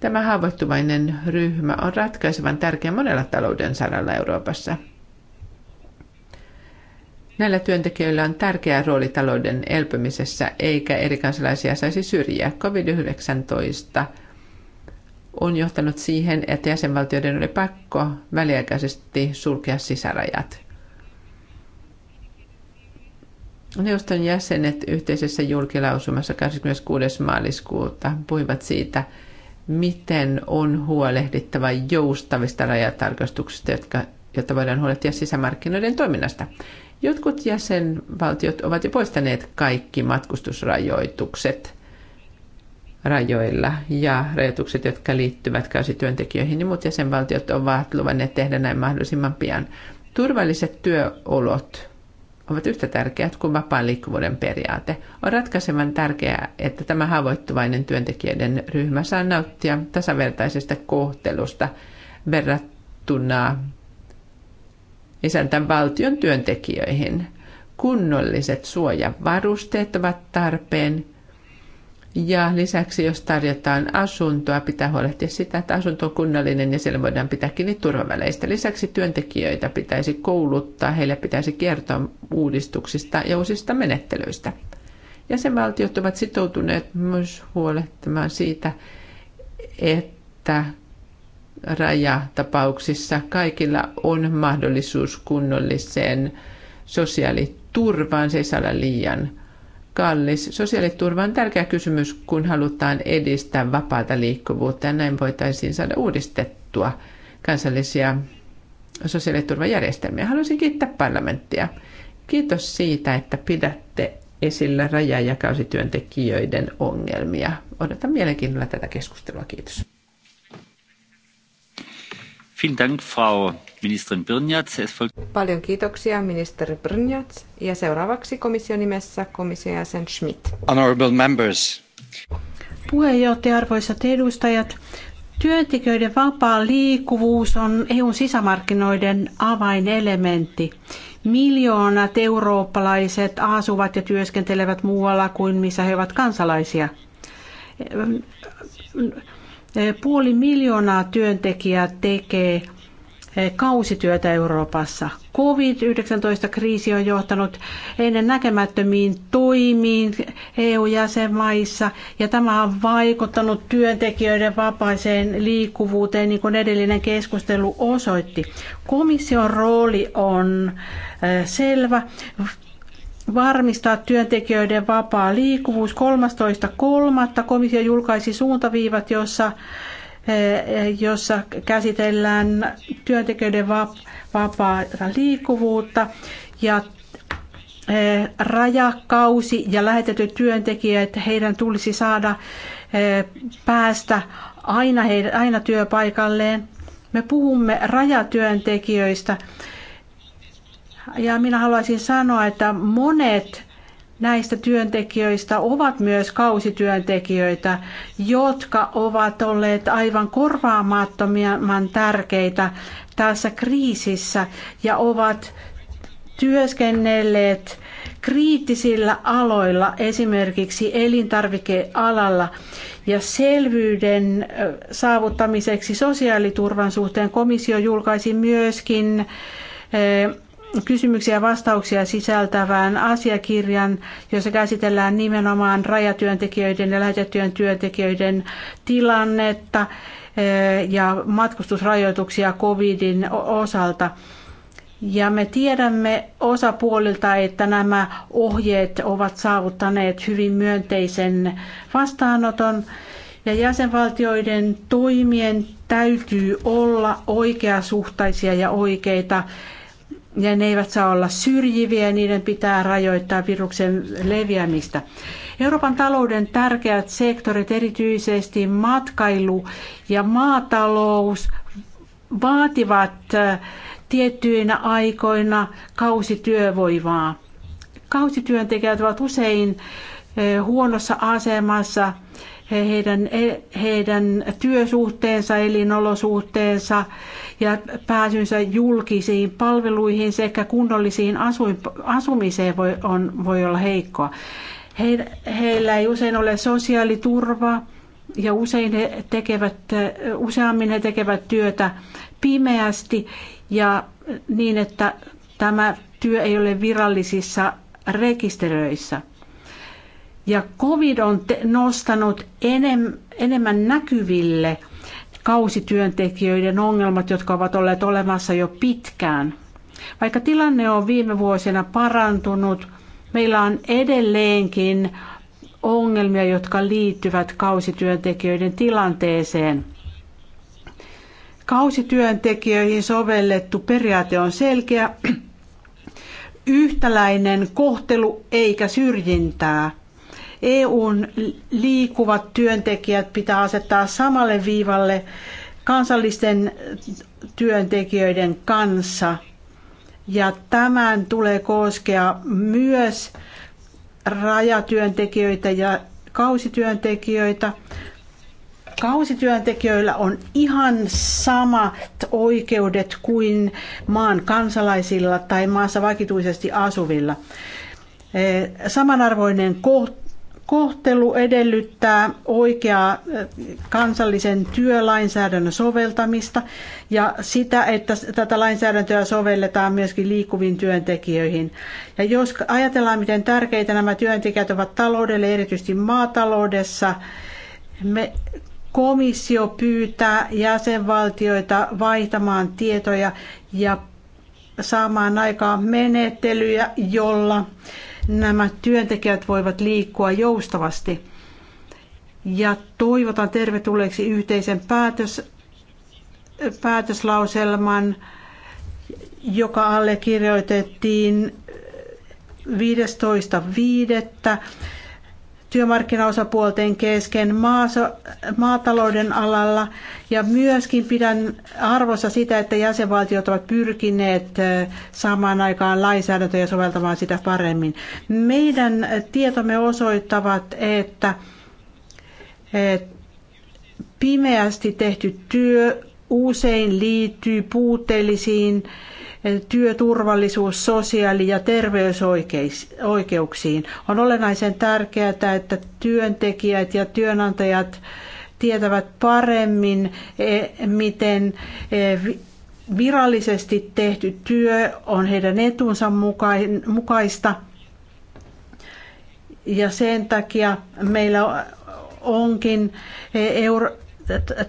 Tämä haavoittuvainen ryhmä on ratkaisevan tärkeä monella talouden saralla Euroopassa. Näillä työntekijöillä on tärkeä rooli talouden elpymisessä, eikä eri kansalaisia saisi syrjiä. COVID-19 on johtanut siihen, että jäsenvaltioiden oli pakko väliaikaisesti sulkea sisärajat. Neuvoston jäsenet yhteisessä julkilausumassa 26. maaliskuuta puhuivat siitä, miten on huolehdittava joustavista rajatarkastuksista, jotka, jotta voidaan huolehtia sisämarkkinoiden toiminnasta. Jotkut jäsenvaltiot ovat jo poistaneet kaikki matkustusrajoitukset – rajoilla ja rajoitukset, jotka liittyvät kausityöntekijöihin, niin muut jäsenvaltiot ovat luvanneet tehdä näin mahdollisimman pian. Turvalliset työolot ovat yhtä tärkeät kuin vapaan liikkuvuuden periaate. On ratkaisevan tärkeää, että tämä haavoittuvainen työntekijöiden ryhmä saa nauttia tasavertaisesta kohtelusta verrattuna isäntän valtion työntekijöihin. Kunnolliset suojavarusteet ovat tarpeen – ja lisäksi, jos tarjotaan asuntoa, pitää huolehtia sitä, että asunto on kunnallinen ja siellä voidaan pitää kiinni turvaväleistä. Lisäksi työntekijöitä pitäisi kouluttaa, heille pitäisi kertoa uudistuksista ja uusista menettelyistä. Jäsenvaltiot ovat sitoutuneet myös huolehtimaan siitä, että rajatapauksissa kaikilla on mahdollisuus kunnolliseen sosiaaliturvaan. Se ei saa olla liian kallis. Sosiaaliturva on tärkeä kysymys, kun halutaan edistää vapaata liikkuvuutta ja näin voitaisiin saada uudistettua kansallisia sosiaaliturvajärjestelmiä. Haluaisin kiittää parlamenttia. Kiitos siitä, että pidätte esillä raja- ja kausityöntekijöiden ongelmia. Odotan mielenkiinnolla tätä keskustelua. Kiitos. Paljon kiitoksia ministeri Brynjats ja seuraavaksi komission nimessä komission jäsen Schmidt. Honorable members. Puheenjohtaja, arvoisat edustajat, työntekijöiden vapaa liikkuvuus on EUn sisämarkkinoiden avainelementti. Miljoonat eurooppalaiset asuvat ja työskentelevät muualla kuin missä he ovat kansalaisia Eh, puoli miljoonaa työntekijää tekee eh, kausityötä Euroopassa. COVID-19-kriisi on johtanut ennen näkemättömiin toimiin EU-jäsenmaissa ja tämä on vaikuttanut työntekijöiden vapaaseen liikkuvuuteen, niin kuin edellinen keskustelu osoitti. Komission rooli on eh, selvä varmistaa työntekijöiden vapaa liikkuvuus. 13.3. komissio julkaisi suuntaviivat, jossa, eh, jossa käsitellään työntekijöiden vapaa liikkuvuutta ja eh, rajakausi ja lähetetyt työntekijät, heidän tulisi saada eh, päästä aina, heidän aina työpaikalleen. Me puhumme rajatyöntekijöistä ja minä haluaisin sanoa, että monet näistä työntekijöistä ovat myös kausityöntekijöitä, jotka ovat olleet aivan korvaamattoman tärkeitä tässä kriisissä ja ovat työskennelleet kriittisillä aloilla, esimerkiksi elintarvikealalla. Ja selvyyden saavuttamiseksi sosiaaliturvan suhteen komissio julkaisi myöskin kysymyksiä ja vastauksia sisältävään asiakirjan, jossa käsitellään nimenomaan rajatyöntekijöiden ja lähetettyjen työntekijöiden tilannetta eh, ja matkustusrajoituksia covidin osalta. Ja me tiedämme osapuolilta, että nämä ohjeet ovat saavuttaneet hyvin myönteisen vastaanoton ja jäsenvaltioiden toimien täytyy olla oikeasuhtaisia ja oikeita ja ne eivät saa olla syrjiviä, niiden pitää rajoittaa viruksen leviämistä. Euroopan talouden tärkeät sektorit, erityisesti matkailu ja maatalous, vaativat äh, tiettyinä aikoina kausityövoimaa. Kausityöntekijät ovat usein äh, huonossa asemassa he, heidän, e, heidän työsuhteensa, elinolosuhteensa ja pääsynsä julkisiin palveluihin sekä kunnollisiin asuin, asumiseen voi, on, voi olla heikkoa. He, heillä ei usein ole sosiaaliturva ja usein he tekevät, useammin he tekevät työtä pimeästi ja niin, että tämä työ ei ole virallisissa rekisteröissä. Ja COVID on nostanut enem, enemmän näkyville kausityöntekijöiden ongelmat, jotka ovat olleet olemassa jo pitkään. Vaikka tilanne on viime vuosina parantunut, meillä on edelleenkin ongelmia, jotka liittyvät kausityöntekijöiden tilanteeseen. Kausityöntekijöihin sovellettu periaate on selkeä, yhtäläinen kohtelu eikä syrjintää. EUn liikkuvat työntekijät pitää asettaa samalle viivalle kansallisten työntekijöiden kanssa. Ja tämän tulee koskea myös rajatyöntekijöitä ja kausityöntekijöitä. Kausityöntekijöillä on ihan samat oikeudet kuin maan kansalaisilla tai maassa vakituisesti asuvilla. Eh, samanarvoinen kohtelu edellyttää oikeaa eh, kansallisen työlainsäädännön soveltamista ja sitä, että tätä lainsäädäntöä sovelletaan myöskin liikkuviin työntekijöihin. Ja jos ajatellaan, miten tärkeitä nämä työntekijät ovat taloudelle, erityisesti maataloudessa, me komissio pyytää jäsenvaltioita vaihtamaan tietoja ja saamaan aikaan menettelyjä, jolla nämä työntekijät voivat liikkua joustavasti. Ja toivotan tervetulleeksi yhteisen päätös, päätöslauselman, joka allekirjoitettiin 15.5 työmarkkinaosapuolten kesken maatalouden alalla ja myöskin pidän arvossa sitä, että jäsenvaltiot ovat pyrkineet saamaan aikaan lainsäädäntöä ja soveltamaan sitä paremmin. Meidän tietomme osoittavat, että pimeästi tehty työ usein liittyy puutteellisiin työturvallisuus, sosiaali- ja terveysoikeuksiin. On olennaisen tärkeää, että työntekijät ja työnantajat tietävät paremmin, e, miten e, virallisesti tehty työ on heidän etunsa mukaista. Ja sen takia meillä onkin e, Euro-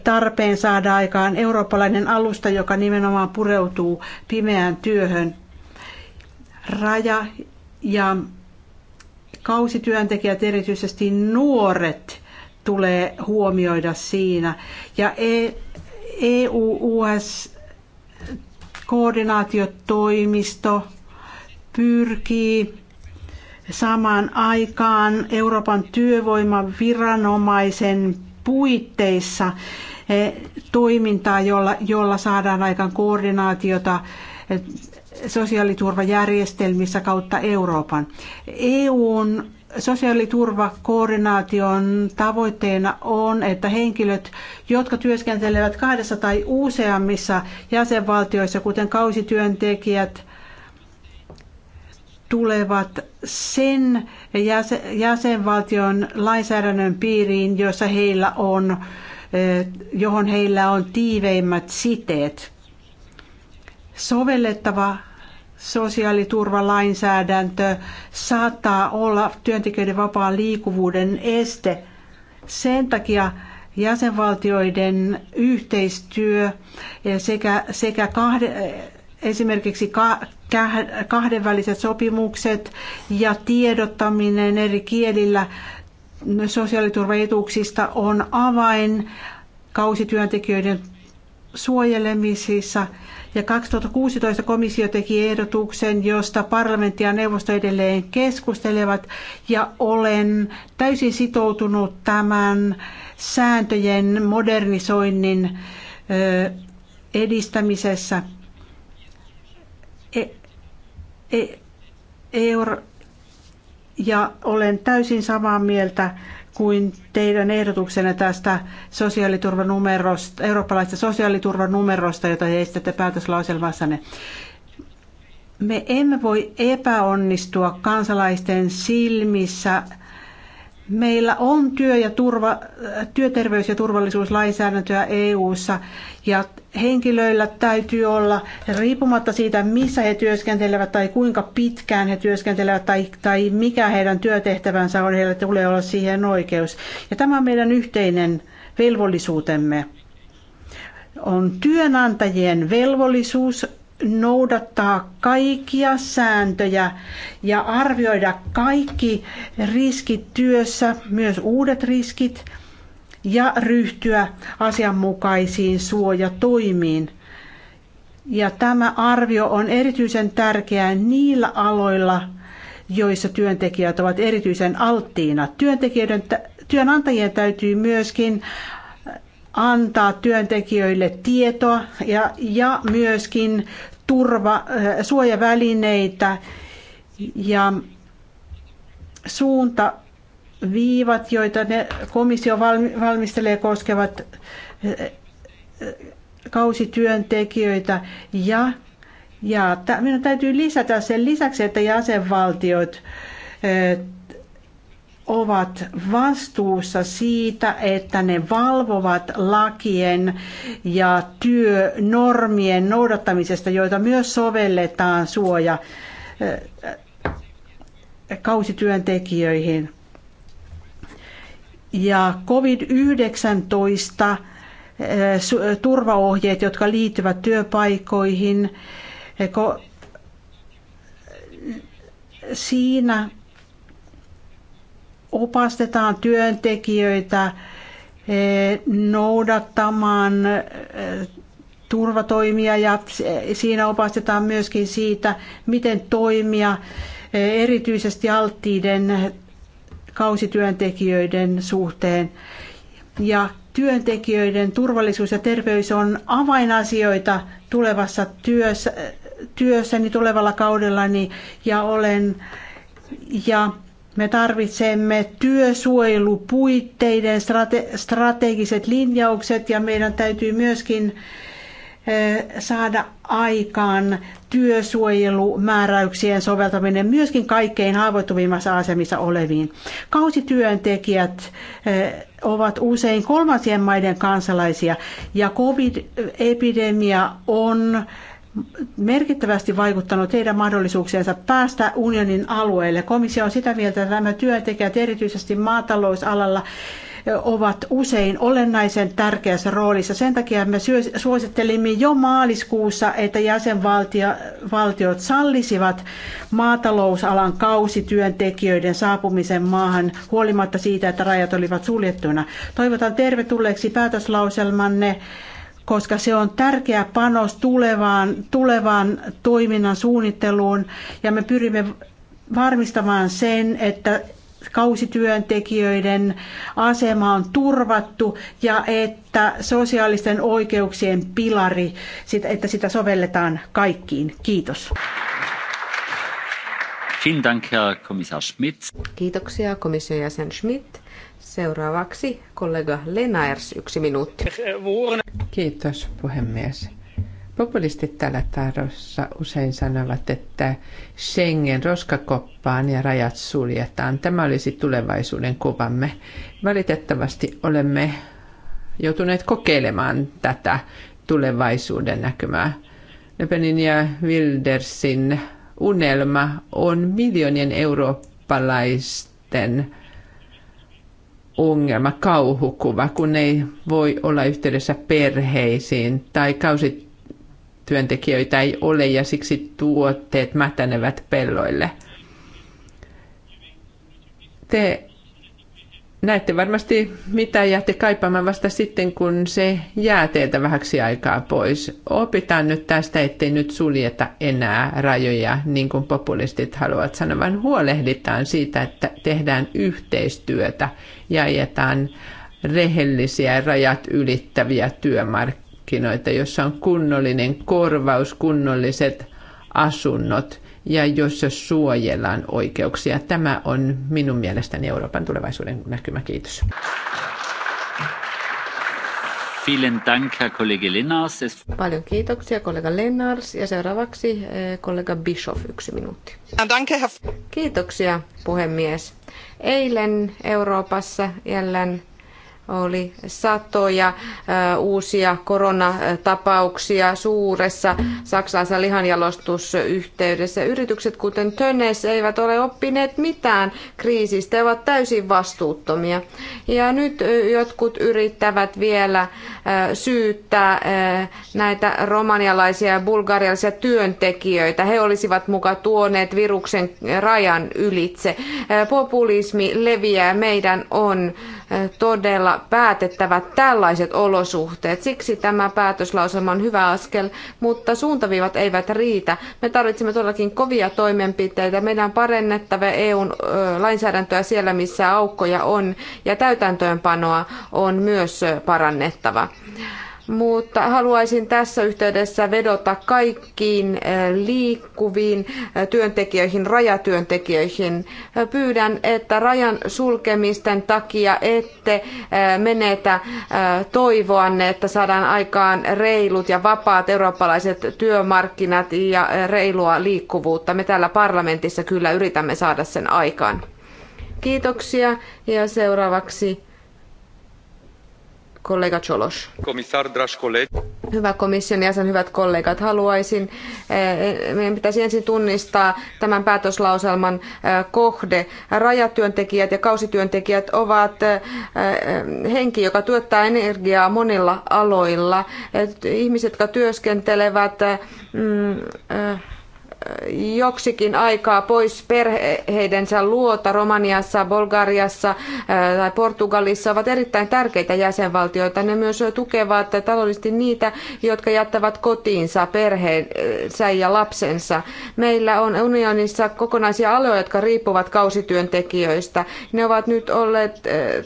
tarpeen saada aikaan eurooppalainen alusta, joka nimenomaan pureutuu pimeään työhön. Raja ja kausityöntekijät, erityisesti nuoret, tulee huomioida siinä. Ja EU-US e koordinaatiotoimisto pyrkii saamaan aikaan Euroopan työvoimaviranomaisen puitteissa eh, toimintaa, jolla, jolla saadaan aikaan koordinaatiota eh, sosiaaliturvajärjestelmissä kautta Euroopan. EUn sosiaaliturvakoordinaation tavoitteena on, että henkilöt, jotka työskentelevät kahdessa tai useammissa jäsenvaltioissa, kuten kausityöntekijät, tulevat sen jäsenvaltion lainsäädännön piiriin, jossa heillä on, eh, johon heillä on tiiveimmät siteet. Sovellettava sosiaaliturvalainsäädäntö saattaa olla työntekijöiden vapaan liikkuvuuden este. Sen takia jäsenvaltioiden yhteistyö eh, sekä, sekä kahde, esimerkiksi kahdenväliset sopimukset ja tiedottaminen eri kielillä sosiaaliturvaetuuksista on avain kausityöntekijöiden suojelemisissa. Ja 2016 komissio teki ehdotuksen, josta parlamentti ja neuvosto edelleen keskustelevat, ja olen täysin sitoutunut tämän sääntöjen modernisoinnin edistämisessä e, e, ja olen täysin samaa mieltä kuin teidän ehdotuksenne tästä sosiaaliturvanumerosta, eurooppalaista sosiaaliturvanumerosta, jota esitätte päätöslauselmassanne. Me emme voi epäonnistua kansalaisten silmissä Meillä on työ- ja turva, työterveys- ja turvallisuuslainsäädäntöä EU:ssa ja henkilöillä täytyy olla riippumatta siitä, missä he työskentelevät tai kuinka pitkään he työskentelevät tai, tai mikä heidän työtehtävänsä on, heillä tulee olla siihen oikeus. Ja tämä on meidän yhteinen velvollisuutemme. On työnantajien velvollisuus noudattaa kaikkia sääntöjä ja arvioida kaikki riskit työssä, myös uudet riskit, ja ryhtyä asianmukaisiin suojatoimiin. Ja tämä arvio on erityisen tärkeää niillä aloilla, joissa työntekijät ovat erityisen alttiina. Työntekijöiden, työnantajien täytyy myöskin antaa työntekijöille tietoa ja, ja myöskin turva, eh, suojavälineitä ja suunta viivat, joita ne komissio valmistelee koskevat eh, eh, kausityöntekijöitä ja, ja minun täytyy lisätä sen lisäksi, että jäsenvaltiot ovat vastuussa siitä, että ne valvovat lakien ja työnormien noudattamisesta, joita myös sovelletaan suoja eh, kausityöntekijöihin. Ja COVID-19 eh, turvaohjeet, jotka liittyvät työpaikoihin, eh, siinä opastetaan työntekijöitä eh, noudattamaan eh, turvatoimia ja eh, siinä opastetaan myöskin siitä, miten toimia erityisesti alttiiden kausityöntekijöiden suhteen. Ja työntekijöiden turvallisuus ja terveys on avainasioita tulevassa työssä, työssäni tulevalla kaudellani ja olen ja me tarvitsemme työsuojelupuitteiden strate- strategiset linjaukset ja meidän täytyy myöskin saada aikaan työsuojelumääräyksien soveltaminen myöskin kaikkein haavoittuvimmassa asemissa oleviin. Kausityöntekijät ovat usein kolmansien maiden kansalaisia ja covid-epidemia on merkittävästi vaikuttanut heidän mahdollisuuksiensa päästä unionin alueelle. Komissio on sitä mieltä, että nämä työntekijät erityisesti maatalousalalla ovat usein olennaisen tärkeässä roolissa. Sen takia me suosittelimme jo maaliskuussa, että jäsenvaltiot sallisivat maatalousalan kausityöntekijöiden saapumisen maahan huolimatta siitä, että rajat olivat suljettuna. Toivotan tervetulleeksi päätöslauselmanne koska se on tärkeä panos tulevaan, tulevaan toiminnan suunnitteluun ja me pyrimme varmistamaan sen, että kausityöntekijöiden asema on turvattu ja että sosiaalisten oikeuksien pilari, että sitä sovelletaan kaikkiin. Kiitos. Kiitoksia komission jäsen Schmidt. Seuraavaksi kollega Lenaers, yksi minuutti. Kiitos puhemies. Populistit täällä tarossa usein sanovat, että Schengen roskakoppaan ja rajat suljetaan. Tämä olisi tulevaisuuden kuvamme. Valitettavasti olemme joutuneet kokeilemaan tätä tulevaisuuden näkymää. Lepenin ja Wildersin unelma on miljoonien eurooppalaisten ongelma, kauhukuva, kun ei voi olla yhteydessä perheisiin tai kausityöntekijöitä ei ole ja siksi tuotteet mätänevät pelloille. Te näette varmasti, mitä jäätte kaipaamaan vasta sitten, kun se jää teiltä vähäksi aikaa pois. Opitaan nyt tästä, ettei nyt suljeta enää rajoja, niin kuin populistit haluavat sanoa, vaan huolehditaan siitä, että tehdään yhteistyötä ja ajetaan rehellisiä rajat ylittäviä työmarkkinoita, jossa on kunnollinen korvaus, kunnolliset asunnot – ja jossa suojellaan oikeuksia. Tämä on minun mielestäni Euroopan tulevaisuuden näkymä. Kiitos. Vielen Dank, Herr Lennars. Paljon kiitoksia, kollega Lennars. Ja seuraavaksi eh, kollega Bischoff, yksi minuutti. Kiitoksia, puhemies. Eilen Euroopassa jälleen oli satoja uusia koronatapauksia suuressa saksalaisessa lihanjalostusyhteydessä. Yritykset kuten Tönnes eivät ole oppineet mitään kriisistä, ja ovat täysin vastuuttomia. Ja nyt jotkut yrittävät vielä syyttää näitä romanialaisia ja bulgarialaisia työntekijöitä. He olisivat muka tuoneet viruksen rajan ylitse. Populismi leviää, meidän on todella jolla päätettävät tällaiset olosuhteet. Siksi tämä päätöslauselma on hyvä askel, mutta suuntaviivat eivät riitä. Me tarvitsemme todellakin kovia toimenpiteitä. Meidän on parennettava EUn lainsäädäntöä siellä, missä aukkoja on, ja täytäntöönpanoa on myös parannettava mutta haluaisin tässä yhteydessä vedota kaikkiin eh, liikkuviin eh, työntekijöihin, rajatyöntekijöihin. Eh, pyydän, että rajan sulkemisten takia ette menetä toivoanne, että saadaan aikaan reilut ja vapaat eurooppalaiset työmarkkinat ja reilua liikkuvuutta. Me täällä parlamentissa kyllä yritämme saada sen aikaan. Kiitoksia ja seuraavaksi kollega Cholos. Komissar, dragi Hyvä komission jäsen, hyvät kollegat, haluaisin, eh, meidän pitäisi ensin tunnistaa tämän päätöslauselman eh, kohde. Rajatyöntekijät ja kausityöntekijät ovat eh, henki, joka tuottaa energiaa monilla aloilla. Ihmiset, jotka työskentelevät mm, joksikin aikaa pois perheidensä luota Romaniassa, Bulgariassa äh, tai Portugalissa ovat erittäin tärkeitä jäsenvaltioita. Ne myös tukevat taloudellisesti niitä, jotka jättävät kotiinsa perheensä ja lapsensa. Meillä on unionissa kokonaisia aloja, jotka riippuvat kausityöntekijöistä. Ne ovat nyt olleet,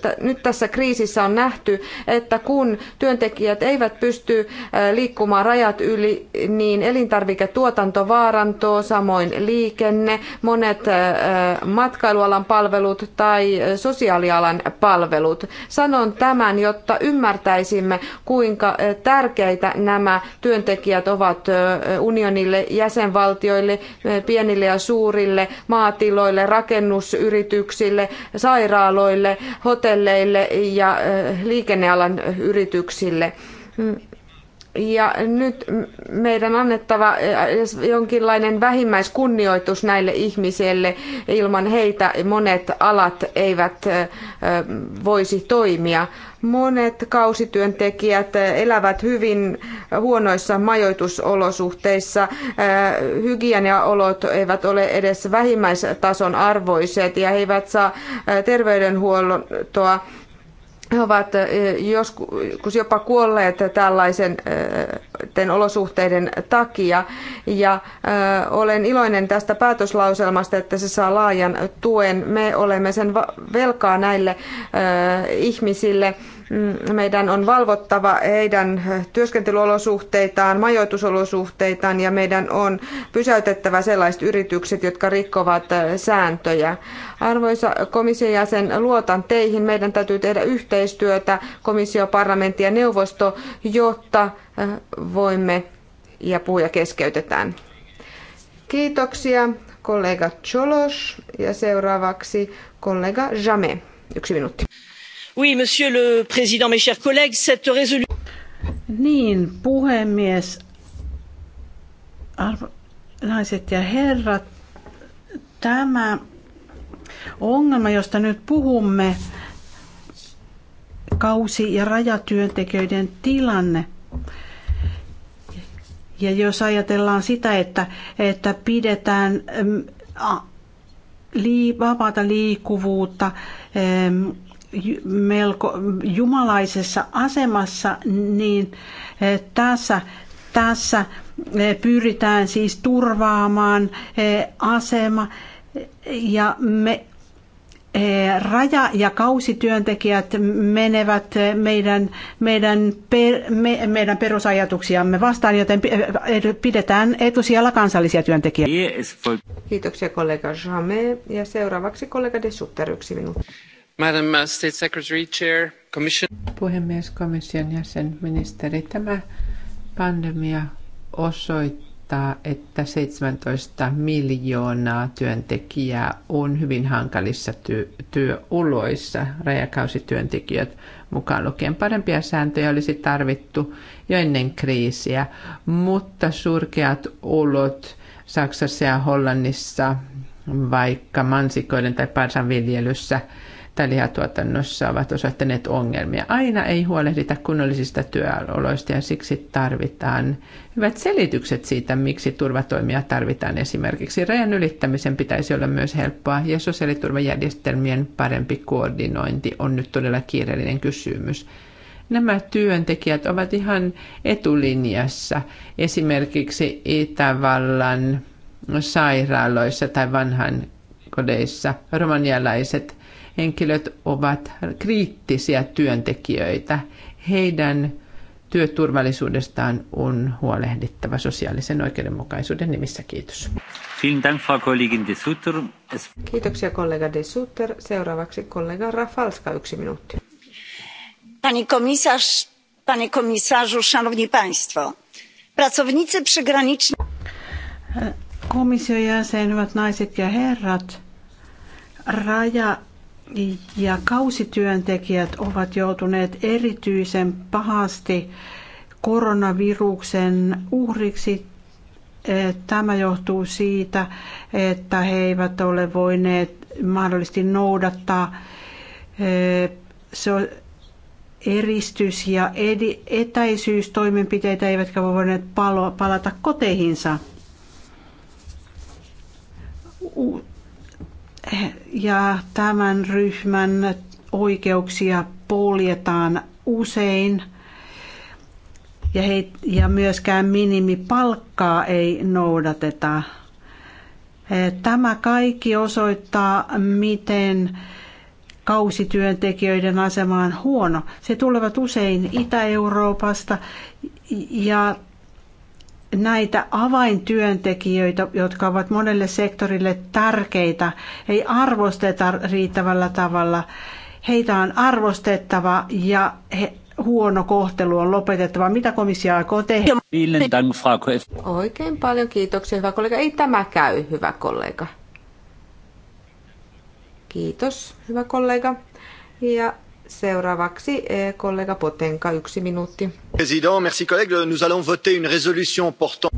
äh, nyt tässä kriisissä on nähty, että kun työntekijät eivät pysty äh, liikkumaan rajat yli, niin elintarviketuotanto vaarantuu tuotanto, samoin liikenne, monet matkailualan palvelut tai sosiaalialan palvelut. Sanon tämän, jotta ymmärtäisimme, kuinka tärkeitä nämä työntekijät ovat unionille, jäsenvaltioille, pienille ja suurille, maatiloille, rakennusyrityksille, sairaaloille, hotelleille ja liikennealan yrityksille. Ja nyt meidän annettava jonkinlainen vähimmäiskunnioitus näille ihmisille. Ilman heitä monet alat eivät voisi toimia. Monet kausityöntekijät elävät hyvin huonoissa majoitusolosuhteissa. Hygieniaolot eivät ole edes vähimmäistason arvoiset ja he eivät saa terveydenhuoltoa he ovat joskus jopa kuolleet tällaisen olosuhteiden takia. Ja olen iloinen tästä päätöslauselmasta, että se saa laajan tuen. Me olemme sen velkaa näille ihmisille Mm, meidän on valvottava heidän työskentelyolosuhteitaan, majoitusolosuhteitaan ja meidän on pysäytettävä sellaiset yritykset, jotka rikkovat äh, sääntöjä. Arvoisa komission jäsen, luotan teihin. Meidän täytyy tehdä yhteistyötä komissio, parlamentti ja neuvosto, jotta äh, voimme ja puhuja keskeytetään. Kiitoksia kollega Cholos ja seuraavaksi kollega Jame. Yksi minuutti monsieur le président, mes chers collègues, cette résolution... Niin, puhemies, arvo, naiset ja herrat, tämä ongelma, josta nyt puhumme, kausi- ja rajatyöntekijöiden tilanne. Ja jos ajatellaan sitä, että, että pidetään vapaata liikkuvuutta, melko jumalaisessa asemassa, niin eh, tässä, tässä eh, pyritään siis turvaamaan eh, asema ja me raja- ja kausityöntekijät menevät meidän, meidän, per, me, meidän perusajatuksiamme vastaan, joten pidetään etusijalla kansallisia työntekijöitä. Kiitoksia kollega Jame ja seuraavaksi kollega Desutter yksi minuutti. Madam uh, State Secretary, Chair, Commission. Puhemies, komission jäsen, ministeri, tämä pandemia osoittaa, että 17 miljoonaa työntekijää on hyvin hankalissa ty- työoloissa, rajakausityöntekijät mukaan lukien. Parempia sääntöjä olisi tarvittu jo ennen kriisiä, mutta surkeat olot Saksassa ja Hollannissa, vaikka mansikoiden tai parsanviljelyssä – tai lihatuotannossa ovat osoittaneet ongelmia. Aina ei huolehdita kunnollisista työoloista ja siksi tarvitaan hyvät selitykset siitä, miksi turvatoimia tarvitaan. Esimerkiksi rajan ylittämisen pitäisi olla myös helppoa ja sosiaaliturvajärjestelmien parempi koordinointi on nyt todella kiireellinen kysymys. Nämä työntekijät ovat ihan etulinjassa. Esimerkiksi Itävallan sairaaloissa tai vanhan kodeissa romanialaiset – henkilöt ovat kriittisiä työntekijöitä. Heidän työturvallisuudestaan on huolehdittava sosiaalisen oikeudenmukaisuuden nimissä. Kiitos. Kiitoksia kollega de Sutter. Seuraavaksi kollega Rafalska, yksi minuutti. Pani komisarz, panie komisarzu, szanowni państwo. Pracownicy przygraniczni... Komission jäsen, hyvät naiset ja herrat. Raja ja kausityöntekijät ovat joutuneet erityisen pahasti koronaviruksen uhriksi. Tämä johtuu siitä, että he eivät ole voineet mahdollisesti noudattaa eristys- ja etäisyystoimenpiteitä, eivätkä voineet palata koteihinsa ja tämän ryhmän oikeuksia poljetaan usein ja, he, ja myöskään minimipalkkaa ei noudateta. Tämä kaikki osoittaa, miten kausityöntekijöiden asema on huono. Se tulevat usein Itä-Euroopasta ja näitä avaintyöntekijöitä, jotka ovat monelle sektorille tärkeitä, ei arvosteta riittävällä tavalla. Heitä on arvostettava ja he, huono kohtelu on lopetettava. Mitä komissio aikoo tehdä? Oikein paljon kiitoksia, hyvä kollega. Ei tämä käy, hyvä kollega. Kiitos, hyvä kollega. Ja Seuraavaksi eh, kollega Potenka, yksi minuutti.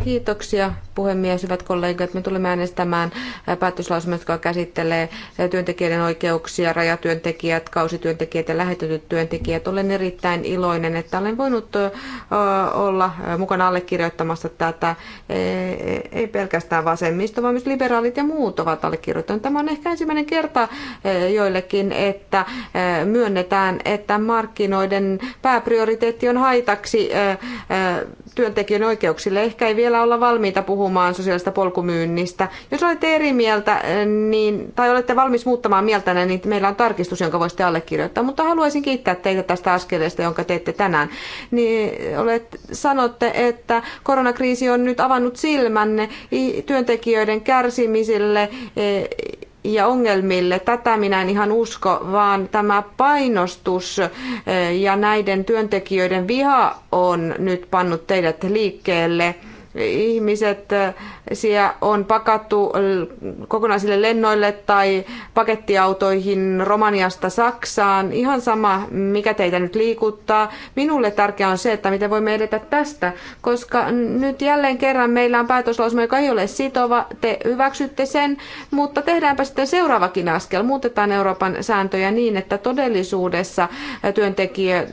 Kiitoksia puhemies, hyvät kollegat. Me tulemme äänestämään eh, päätöslausumat, joka käsittelee eh, työntekijöiden oikeuksia, rajatyöntekijät, kausityöntekijät ja lähetetyt työntekijät. Olen erittäin iloinen, että olen voinut olla mukana allekirjoittamassa tätä. Ei pelkästään vasemmisto, vaan myös liberaalit ja muut ovat allekirjoittaneet. Tämä on ehkä ensimmäinen kerta joillekin, että myönnetään ymmärretään, että markkinoiden pääprioriteetti on haitaksi työntekijöiden oikeuksille. Ehkä ei vielä olla valmiita puhumaan sosiaalista polkumyynnistä. Jos olette eri mieltä niin, tai olette valmis muuttamaan mieltänne, niin meillä on tarkistus, jonka voisitte allekirjoittaa. Mutta haluaisin kiittää teitä tästä askeleesta, jonka teette tänään. Niin olet, sanotte, että koronakriisi on nyt avannut silmänne työntekijöiden kärsimiselle e, ja ongelmille. Tätä minä en ihan usko, vaan tämä painostus eh, ja näiden työntekijöiden viha on nyt pannut teidät liikkeelle ihmiset on pakattu kokonaisille lennoille tai pakettiautoihin Romaniasta Saksaan. Ihan sama, mikä teitä nyt liikuttaa. Minulle tärkeää on se, että miten voimme edetä tästä, koska nyt jälleen kerran meillä on päätöslausuma, joka ei ole sitova. Te hyväksytte sen, mutta tehdäänpä sitten seuraavakin askel. Muutetaan Euroopan sääntöjä niin, että todellisuudessa työntekijät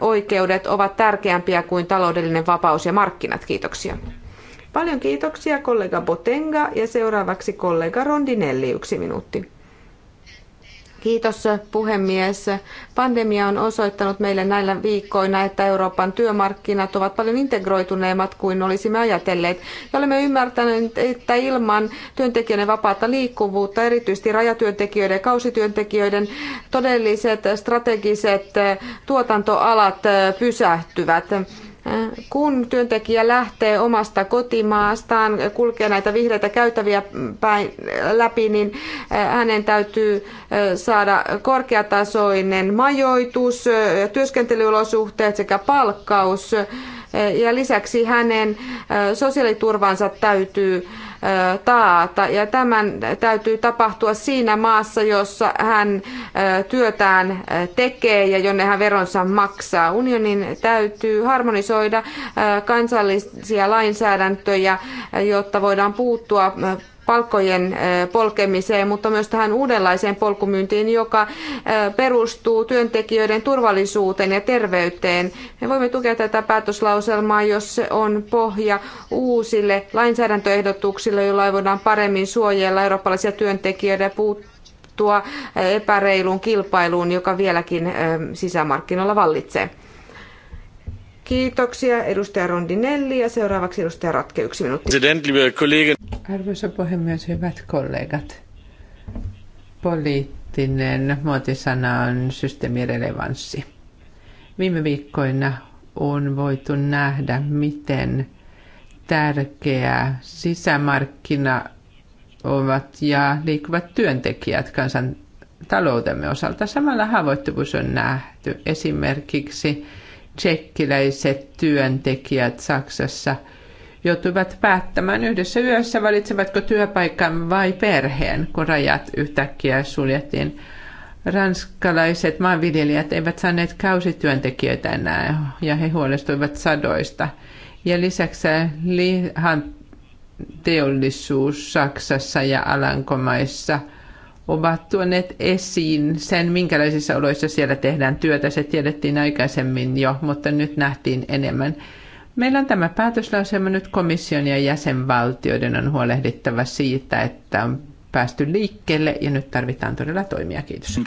oikeudet ovat tärkeämpiä kuin taloudellinen vapaus ja markkinat. Kiitoksia. Paljon kiitoksia kollega Botenga ja seuraavaksi kollega Rondinelli yksi minuutti. Kiitos puhemies. Pandemia on osoittanut meille näillä viikkoina, että Euroopan työmarkkinat ovat paljon integroituneemmat kuin olisimme ajatelleet. Ja olemme ymmärtäneet, että ilman työntekijöiden vapaata liikkuvuutta, erityisesti rajatyöntekijöiden ja kausityöntekijöiden, todelliset strategiset tuotantoalat pysähtyvät. Kun työntekijä lähtee omasta kotimaastaan, kulkee näitä vihreitä käytäviä päin, läpi, niin hänen täytyy saada korkeatasoinen majoitus, työskentelyolosuhteet sekä palkkaus. Ja lisäksi hänen sosiaaliturvansa täytyy taata. Ja tämän täytyy tapahtua siinä maassa, jossa hän työtään tekee ja jonne hän veronsa maksaa. Unionin täytyy harmonisoida kansallisia lainsäädäntöjä, jotta voidaan puuttua palkkojen polkemiseen, mutta myös tähän uudenlaiseen polkumyyntiin, joka perustuu työntekijöiden turvallisuuteen ja terveyteen. Me voimme tukea tätä päätöslauselmaa, jos se on pohja uusille lainsäädäntöehdotuksille, joilla voidaan paremmin suojella eurooppalaisia työntekijöitä ja puuttua epäreiluun kilpailuun, joka vieläkin sisämarkkinoilla vallitsee. Kiitoksia edustaja Rondinelli ja seuraavaksi edustaja Ratke, yksi minuutti. Arvoisa puhemies, hyvät kollegat. Poliittinen muotisana on systeemirelevanssi. Viime viikkoina on voitu nähdä, miten tärkeä sisämarkkina ovat ja liikkuvat työntekijät kansan osalta. Samalla haavoittuvuus on nähty esimerkiksi tsekkiläiset työntekijät Saksassa joutuivat päättämään yhdessä yössä, valitsevatko työpaikan vai perheen, kun rajat yhtäkkiä suljettiin. Ranskalaiset maanviljelijät eivät saaneet kausityöntekijöitä enää ja he huolestuivat sadoista. Ja lisäksi lihan teollisuus Saksassa ja Alankomaissa – ovat tuoneet esiin sen, minkälaisissa oloissa siellä tehdään työtä. Se tiedettiin aikaisemmin jo, mutta nyt nähtiin enemmän. Meillä on tämä päätöslauselma nyt komission ja jäsenvaltioiden on huolehdittava siitä, että on päästy liikkeelle ja nyt tarvitaan todella toimia. Kiitos.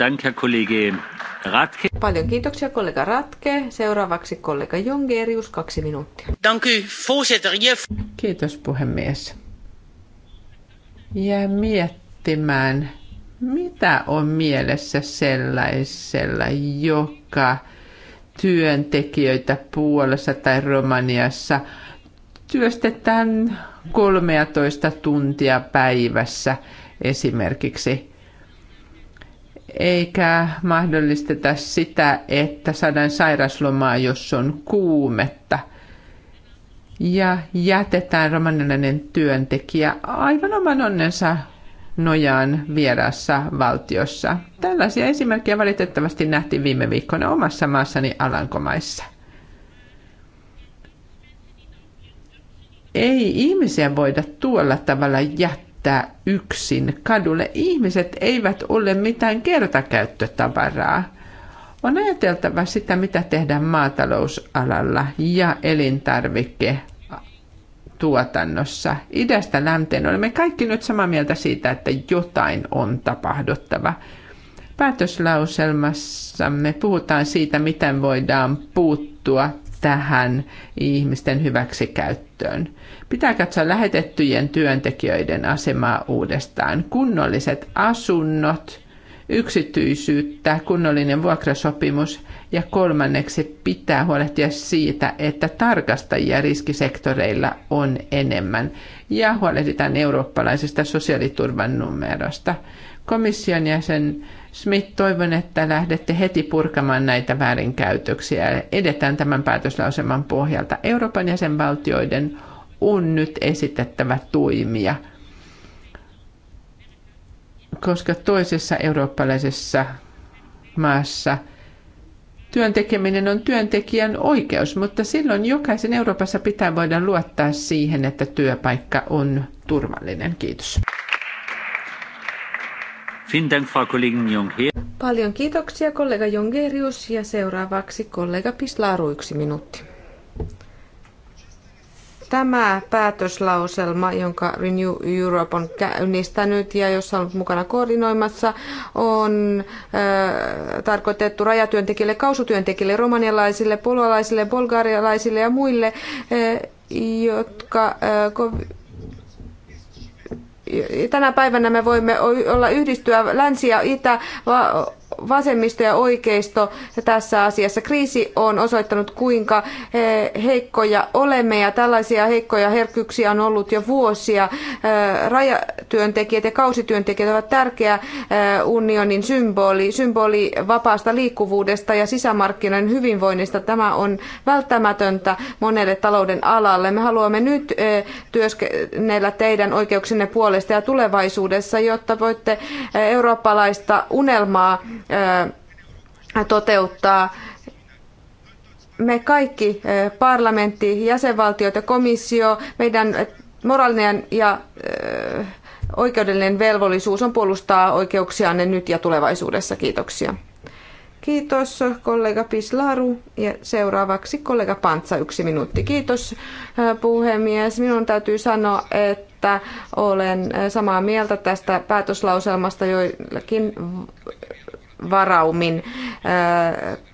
Paljon kiitoksia kollega Ratke. Seuraavaksi kollega Jongerius, kaksi minuuttia. Kiitos puhemies. Ja miettimään mitä on mielessä sellaisella, joka työntekijöitä Puolassa tai Romaniassa työstetään 13 tuntia päivässä esimerkiksi? eikä mahdollisteta sitä, että saadaan sairaslomaa, jos on kuumetta. Ja jätetään romanilainen työntekijä aivan oman onnensa nojaan vieraassa valtiossa. Tällaisia esimerkkejä valitettavasti nähtiin viime viikkoina omassa maassani Alankomaissa. Ei ihmisiä voida tuolla tavalla jättää yksin kadulle. Ihmiset eivät ole mitään kertakäyttötavaraa. On ajateltava sitä, mitä tehdään maatalousalalla ja elintarvikkeen tuotannossa. Idästä länteen olemme kaikki nyt samaa mieltä siitä, että jotain on tapahduttava. Päätöslauselmassamme puhutaan siitä, miten voidaan puuttua tähän ihmisten hyväksikäyttöön. Pitää katsoa lähetettyjen työntekijöiden asemaa uudestaan. Kunnolliset asunnot – yksityisyyttä, kunnollinen vuokrasopimus ja kolmanneksi pitää huolehtia siitä, että tarkastajia riskisektoreilla on enemmän ja huolehditaan eurooppalaisesta sosiaaliturvan numerosta. Komission jäsen Smith, toivon, että lähdette heti purkamaan näitä väärinkäytöksiä ja edetään tämän päätöslauseman pohjalta. Euroopan jäsenvaltioiden on nyt esitettävä toimia – koska toisessa eurooppalaisessa maassa työn tekeminen on työntekijän oikeus, mutta silloin jokaisen Euroopassa pitää voida luottaa siihen, että työpaikka on turvallinen. Kiitos. Paljon kiitoksia kollega Jongerius ja seuraavaksi kollega Pislaru yksi minuutti. Tämä päätöslauselma, jonka Renew Europe on käynnistänyt ja jossa on mukana koordinoimassa, on ö, äh, tarkoitettu rajatyöntekijöille, kausutyöntekijöille, romanialaisille, puolalaisille, bulgarialaisille ja muille, ö, äh, jotka ö, äh, tänä päivänä me voimme olla yhdistyä Länsi- ja Itä- vasemmisto ja oikeisto tässä asiassa. Kriisi on osoittanut, kuinka eh, heikkoja olemme ja tällaisia heikkoja herkkyyksiä on ollut jo vuosia. Eh, rajatyöntekijät ja kausityöntekijät ovat tärkeä eh, unionin symboli, symboli vapaasta liikkuvuudesta ja sisämarkkinoiden hyvinvoinnista. Tämä on välttämätöntä monelle talouden alalle. Me haluamme nyt työskennellä teidän oikeuksinne puolesta ja tulevaisuudessa, jotta voitte eurooppalaista unelmaa toteuttaa. Me kaikki, parlamentti, jäsenvaltiot ja komissio, meidän moraalinen ja oikeudellinen velvollisuus on puolustaa oikeuksianne nyt ja tulevaisuudessa. Kiitoksia. Kiitos kollega Pislaru ja seuraavaksi kollega Pantsa yksi minuutti. Kiitos puhemies. Minun täytyy sanoa, että olen samaa mieltä tästä päätöslauselmasta joillakin varaumin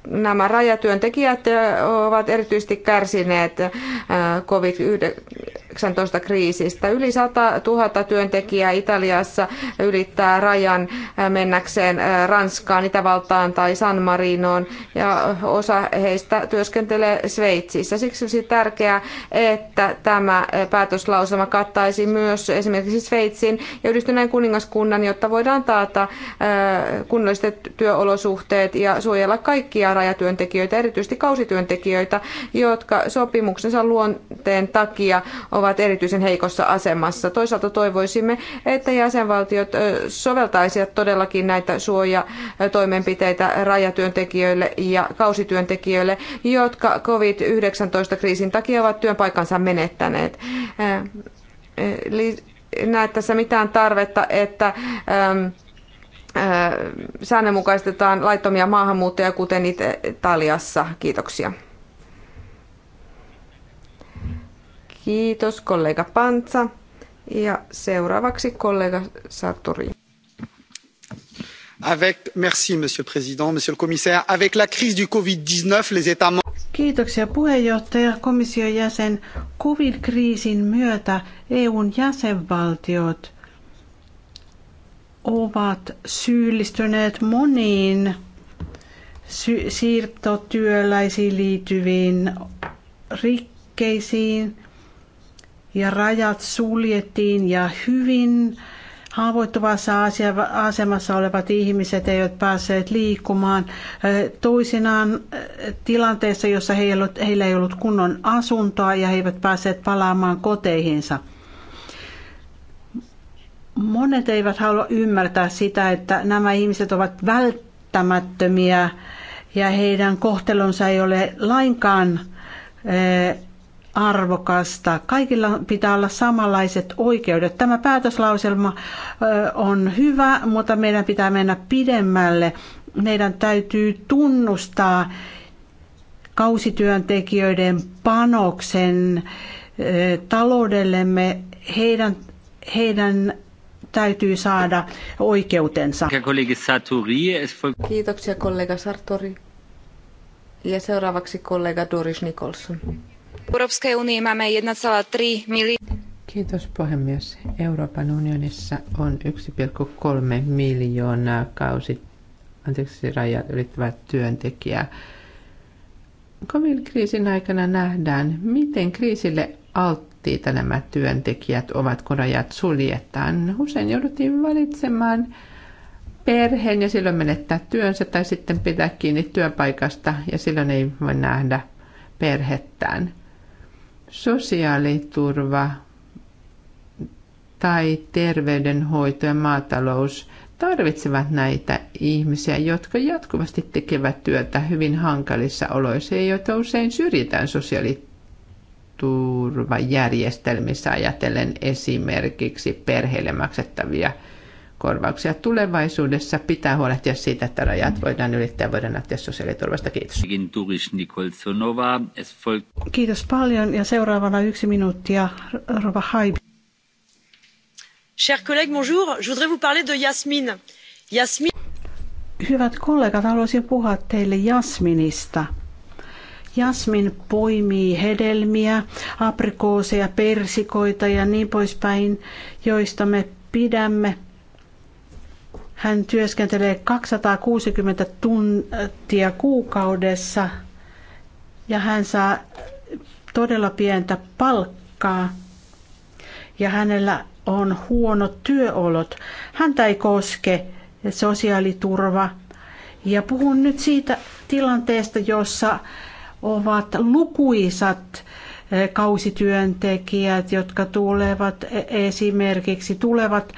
nämä rajatyöntekijät äh, ovat erityisesti kärsineet äh, COVID-19-kriisistä. Yli 100 000 työntekijää Italiassa ylittää rajan äh, mennäkseen Ranskaan, Itävaltaan tai San Marinoon, ja osa heistä työskentelee Sveitsissä. Siksi olisi tärkeää, että tämä päätöslausema kattaisi myös esimerkiksi Sveitsin ja yhdistyneen kuningaskunnan, jotta voidaan taata kunnolliset työolosuhteet ja suojella kaikkia rajatyöntekijöitä, erityisesti kausityöntekijöitä, jotka sopimuksensa luonteen takia ovat erityisen heikossa asemassa. Toisaalta toivoisimme, että jäsenvaltiot soveltaisivat todellakin näitä suojatoimenpiteitä rajatyöntekijöille ja kausityöntekijöille, jotka COVID-19-kriisin takia ovat työpaikansa menettäneet näe tässä mitään tarvetta, että ähm, säännönmukaistetaan laittomia maahanmuuttajia, kuten Italiassa. Kiitoksia. Kiitos kollega Pantsa. Ja seuraavaksi kollega Sartori. Avec, merci monsieur le président, monsieur le commissaire. Avec la crise du Covid-19, les États membres... Kiitoksia puheenjohtaja, komission jäsen. Covid-kriisin myötä EUn jäsenvaltiot – ovat syyllistyneet moniin sy- siirtotyöläisiin liittyviin rikkeisiin ja rajat suljettiin ja hyvin haavoittuvassa asemassa olevat ihmiset eivät päässeet liikkumaan. Toisinaan tilanteessa, jossa heillä ei ollut kunnon asuntoa ja he eivät päässeet palaamaan koteihinsa – Monet eivät halua ymmärtää sitä, että nämä ihmiset ovat välttämättömiä ja heidän kohtelonsa ei ole lainkaan eh, arvokasta. Kaikilla pitää olla samanlaiset oikeudet. Tämä päätöslauselma eh, on hyvä, mutta meidän pitää mennä pidemmälle. Meidän täytyy tunnustaa kausityöntekijöiden panoksen eh, taloudellemme. Heidän, heidän täytyy saada oikeutensa. Kiitoksia kollega Sartori. Ja seuraavaksi kollega Doris Nicholson. Kiitos puhemies. Euroopan unionissa on 1,3 miljoonaa kausi, anteeksi, rajat ylittävää työntekijää. Covid-kriisin aikana nähdään, miten kriisille alt alttiita nämä työntekijät ovat, kun rajat suljetaan. Usein jouduttiin valitsemaan perheen ja silloin menettää työnsä tai sitten pitää kiinni työpaikasta ja silloin ei voi nähdä perhettään. Sosiaaliturva tai terveydenhoito ja maatalous tarvitsevat näitä ihmisiä, jotka jatkuvasti tekevät työtä hyvin hankalissa oloissa ja joita usein syrjitään sosiaaliturvaa turvajärjestelmissä ajatellen esimerkiksi perheille maksettavia korvauksia tulevaisuudessa. Pitää huolehtia siitä, että rajat voidaan ylittää ja voidaan lähteä sosiaaliturvasta. Kiitos. Kiitos paljon ja seuraavana yksi minuuttia Rova Haib. Chers collègues, bonjour. Je voudrais vous parler de Yasmin. Yasmin. Hyvät kollegat, haluaisin puhua teille Jasminista – Jasmin poimii hedelmiä, aprikooseja, persikoita ja niin poispäin, joista me pidämme. Hän työskentelee 260 tuntia kuukaudessa ja hän saa todella pientä palkkaa ja hänellä on huonot työolot. Häntä ei koske sosiaaliturva. Ja puhun nyt siitä tilanteesta, jossa ovat lukuisat eh, kausityöntekijät, jotka tulevat e- esimerkiksi tulevat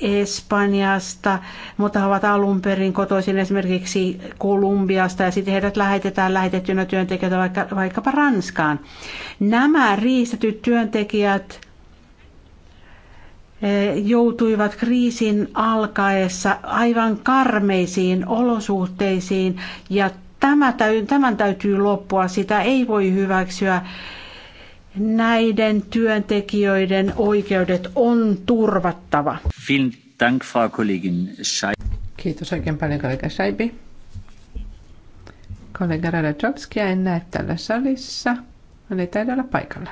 Espanjasta, mutta ovat alun perin kotoisin esimerkiksi Kolumbiasta ja sitten heidät lähetetään lähetettynä työntekijöitä vaikka, vaikkapa Ranskaan. Nämä riistetyt työntekijät eh, joutuivat kriisin alkaessa aivan karmeisiin olosuhteisiin ja Tämä, tämän täytyy loppua, sitä ei voi hyväksyä. Näiden työntekijöiden oikeudet on turvattava. Kiitos oikein paljon kollega Scheibi. Kollega Radachowskia en näe täällä salissa. Hän ei taida olla paikalla.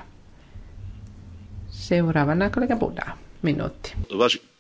Seuraavana kollega Buda, minuutti.